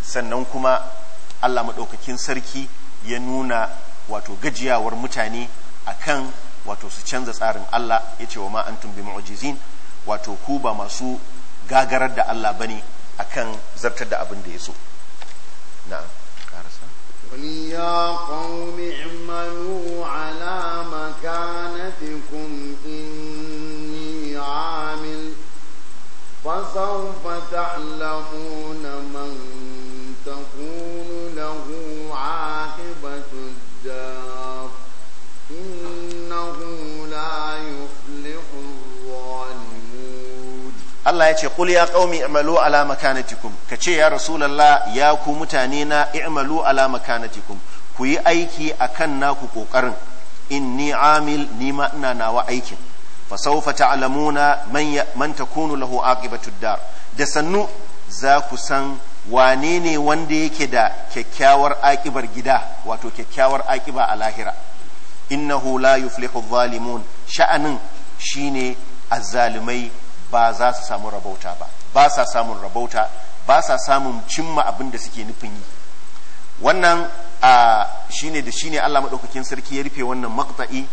Speaker 1: sannan kuma Allah maɗaukakin sarki ya nuna wato gajiyawar mutane a kan wato su canza tsarin Allah ya ce wa ma bi ma'ajizin wato ku ba masu gagarar da Allah bane kan zartar da abin da ya so na'am karasa
Speaker 2: قل يا قوم اعملوا على مكانتكم إني fasan فسوف lamuna man.
Speaker 1: Allah ya ce qul ya qaumi i'malu ala makanatikum kace ya rasulullah ya ku mutane na i'malu ala makanatikum ku yi aiki akan naku kokarin inni amil ma ina nawa aikin fa sawfa ta'lamuna man man takunu lahu aqibatud dar da sannu za ku san wane ne wanda yake da kyakkyawar aƙibar gida wato kyakkyawar aƙiba a lahira innahu la yuflihu zalimun sha'anin shine azzalumai ba za su samu rabauta ba ba sa samun rabauta ba sa samun cimma abin da suke nufin yi wannan a shine da shine Allah madaukakin sarki ya rufe wannan maqta'i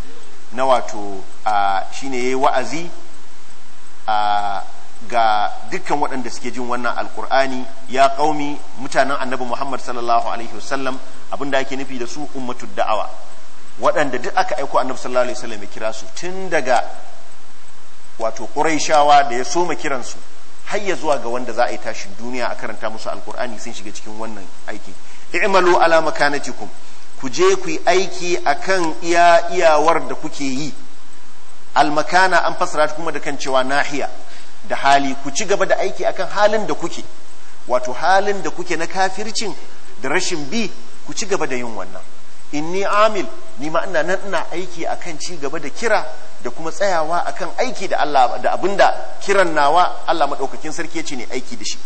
Speaker 1: na wato a shine yayi wa'azi a ga dukkan waɗanda suke jin wannan alkur'ani ya ƙaumi mutanen annabi muhammad sallallahu alaihi wasallam abinda ake nufi da su ummatu da'awa waɗanda duk aka aiko annabi sallallahu alaihi wasallam ya kira su tun daga wato ƙuraishawa da ya soma kiransu har zuwa ga wanda za a yi tashin duniya a karanta musu alkur'ani sun shiga cikin wannan aiki i'malu ala makanatikum ku je ku yi aiki akan iya iyawar da kuke yi almakana an fasara kuma da kan cewa nahiya da hali ku ci gaba da aiki akan halin da kuke wato halin da kuke na kafircin da rashin bi ku ci gaba da yin wannan inni amil ni ma ina nan ina aiki akan ci gaba da kira da kuma tsayawa akan aiki da Allah da abinda kiran nawa Allah madaukakin sarki yace ne aiki da shi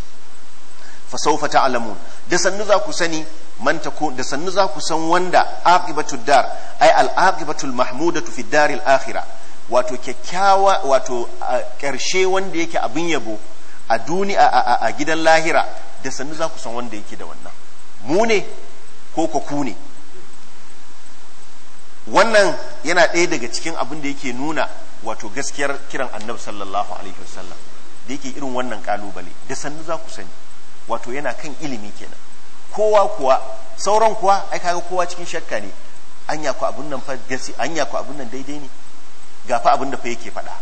Speaker 1: fa sawfa ta'lamun da sannu za ku sani man ko da sannu za ku san wanda aqibatud dar ay al aqibatul mahmudatu fid daril akhirah wato kyakkyawa wato karshe wanda yake abin yabo a duniya a gidan lahira da sannu za ku san wanda yake da wannan mu ne ko ku ne wannan yana ɗaya daga cikin abin da yake nuna wato gaskiyar kiran annabi sallallahu alaihi wasallam da yake irin wannan kalubale da sannu za ku sani wato yana kan ilimi kenan kowa kuwa sauran kuwa ai kaga kowa cikin shakka ne anya ku abun nan fa gasi anya ku abun nan daidai ne ga fa abun da fa yake faɗa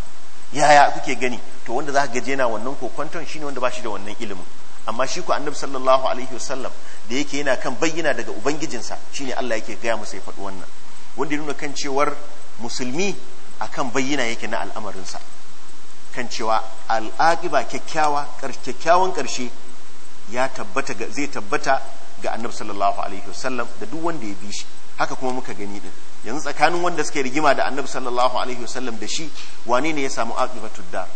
Speaker 1: yaya kuke gani to wanda za ka gaje na wannan kokonton shine wanda ba shi da wannan ilimin amma shi ku annabi sallallahu alaihi wasallam da yake yana kan bayyana daga ubangijinsa shine Allah yake gaya masa ya faɗi wannan wanda ya nuna kan cewar musulmi akan bayyana yake na al'amarinsa kan cewa al'aqiba kyakkyawa kyakkyawan karshe ya tabbata zai tabbata ga annabi sallallahu alaihi wasallam da duk wanda ya bi shi haka kuma muka gani din yanzu tsakanin wanda suke rigima da annabi sallallahu alaihi wasallam da shi wane ne ya samu aqibatud dar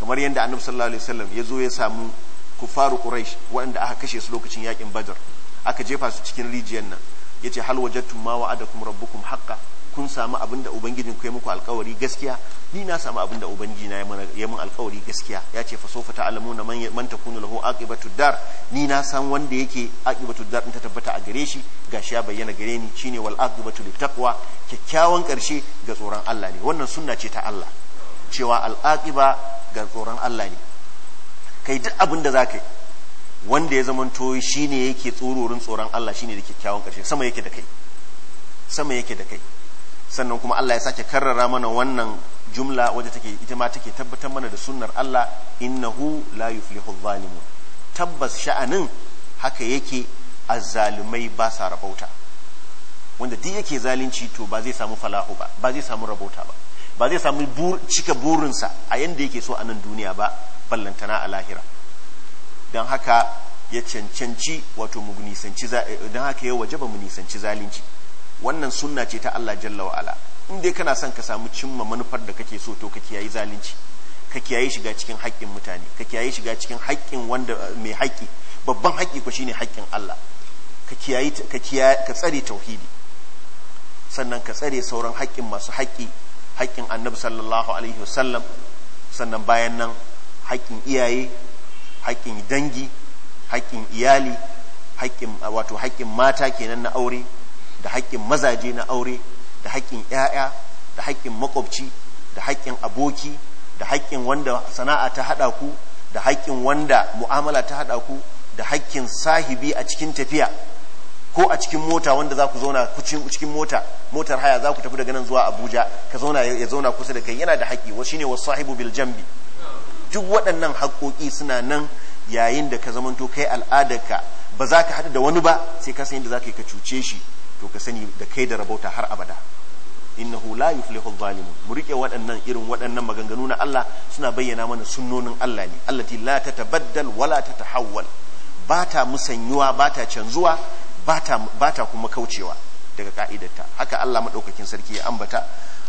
Speaker 1: kamar yadda annabi sallallahu alaihi wasallam ya zo ya samu kufaru quraish waɗanda aka kashe su lokacin yakin badr aka jefa su cikin rijiyar nan Ya ce hal wajadtum ma wa'adakum rabbukum haqqan kun samu abin da ubangijin ku ya muku alkawari gaskiya ni na samu abin da ubangiji na ya mun alkawari gaskiya ya ce fa sofa ta'lamuna man man takunu lahu aqibatu dar ni na san wanda yake aqibatu dar ta tabbata a gare shi ga shi ya bayyana gare ni shine wal aqibatu littaqwa kyakkyawan ƙarshe ga tsoron Allah ne wannan sunna ce ta Allah cewa al aqiba ga tsoron Allah ne kai duk abin da zaka yi wanda ya zama zamanto ne yake tsororin tsoron Allah shine da kyakkyawan ƙarshe sama yake da kai sama yake da kai sannan kuma Allah ya sake karrara mana wannan jumla wadda take ita ma take tabbatar mana da sunnar Allah innahu la yuflihu zalimu tabbas sha'anin haka yake azzalumai ba sa rabauta wanda duk yake zalunci to ba zai samu falahu ba ba zai samu rabauta ba ba zai samu cika burinsa a yadda yake so a nan duniya ba ballantana a lahira don haka ya cancanci wato mu nisanci eh, don haka ya wajaba mu nisanci zalunci wannan sunna ce ta Allah jalla wa ala in dai kana son ka samu cimma manufar da kake so to ka kiyayi zalunci ka kiyaye shiga cikin haƙƙin mutane ka kiyaye shiga cikin haƙƙin wanda eh, mai haƙƙi babban haƙƙi ko shine haƙƙin Allah ka kiyaye ka kiyaye ka tsare tauhidi sannan ka tsare sauran haƙƙin masu haƙƙi haƙƙin Annabi sallallahu alaihi wasallam sannan bayan nan haƙƙin iyaye haƙƙin dangi haƙƙin iyali haƙƙin wato haƙƙin mata kenan na aure da haƙƙin mazaje na aure da haƙƙin 'ya'ya da haƙƙin makwabci da haƙƙin aboki da haƙƙin wanda sana'a ta haɗa ku da haƙƙin wanda mu'amala ta haɗa ku da haƙƙin sahibi a cikin tafiya ko a cikin mota wanda za ku zauna cikin mota motar haya za ku tafi daga nan zuwa abuja ka zauna ya zauna kusa da kai yana da haƙƙi wa shine wasu sahibu bil jambi duk waɗannan haƙoƙi suna nan yayin da ka zamanto kai al'adarka ba za ka haɗu da wani ba sai ka san yadda za ka yi ka cuce shi to ka sani da kai da rabauta har abada innahu la yuflihu zalimun mu rike waɗannan irin waɗannan maganganu na Allah suna bayyana mana sunnonin Allah ne allati la tatabaddal wala tatahawwal ba ta musanyuwa ba ta canzuwa ba ta kuma kaucewa daga ka'idarta haka Allah madaukakin sarki ya ambata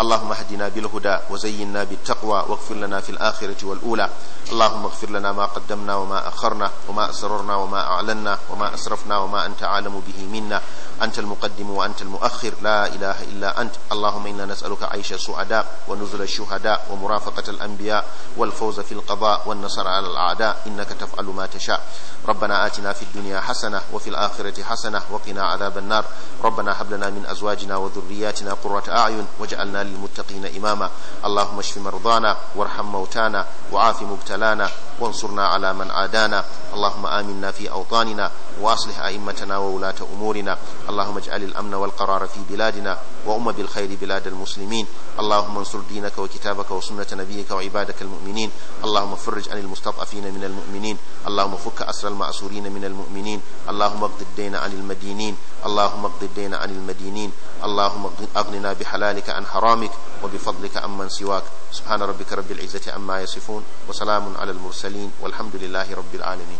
Speaker 1: اللهم اهدنا بالهدى وزينا بالتقوى واغفر لنا في الآخرة والأولى اللهم اغفر لنا ما قدمنا وما أخرنا وما أسررنا وما أعلنا وما أسرفنا وما أنت عالم به منا أنت المقدم وأنت المؤخر لا إله إلا أنت اللهم إنا نسألك عيش السعداء ونزل الشهداء ومرافقة الأنبياء والفوز في القضاء والنصر على الأعداء إنك تفعل ما تشاء ربنا آتنا في الدنيا حسنة وفي الآخرة حسنة وقنا عذاب النار ربنا هب لنا من أزواجنا وذرياتنا قرة أعين واجعلنا للمتقين إماما اللهم اشف مرضانا وارحم موتانا وعاف مبتلانا وانصرنا على من عادانا اللهم آمنا في أوطاننا وأصلح أئمتنا وولاة أمورنا اللهم اجعل الأمن والقرار في بلادنا وأم بالخير بلاد المسلمين اللهم انصر دينك وكتابك وسنة نبيك وعبادك المؤمنين اللهم فرج عن المستضعفين من المؤمنين اللهم فك أسر المأسورين من المؤمنين اللهم اقض الدين عن المدينين اللهم اقض الدين عن المدينين اللهم اغننا بحلالك عن حرام وكرمك وبفضلك عمن سواك سبحان ربك رب العزة عما يصفون وسلام على المرسلين والحمد لله رب العالمين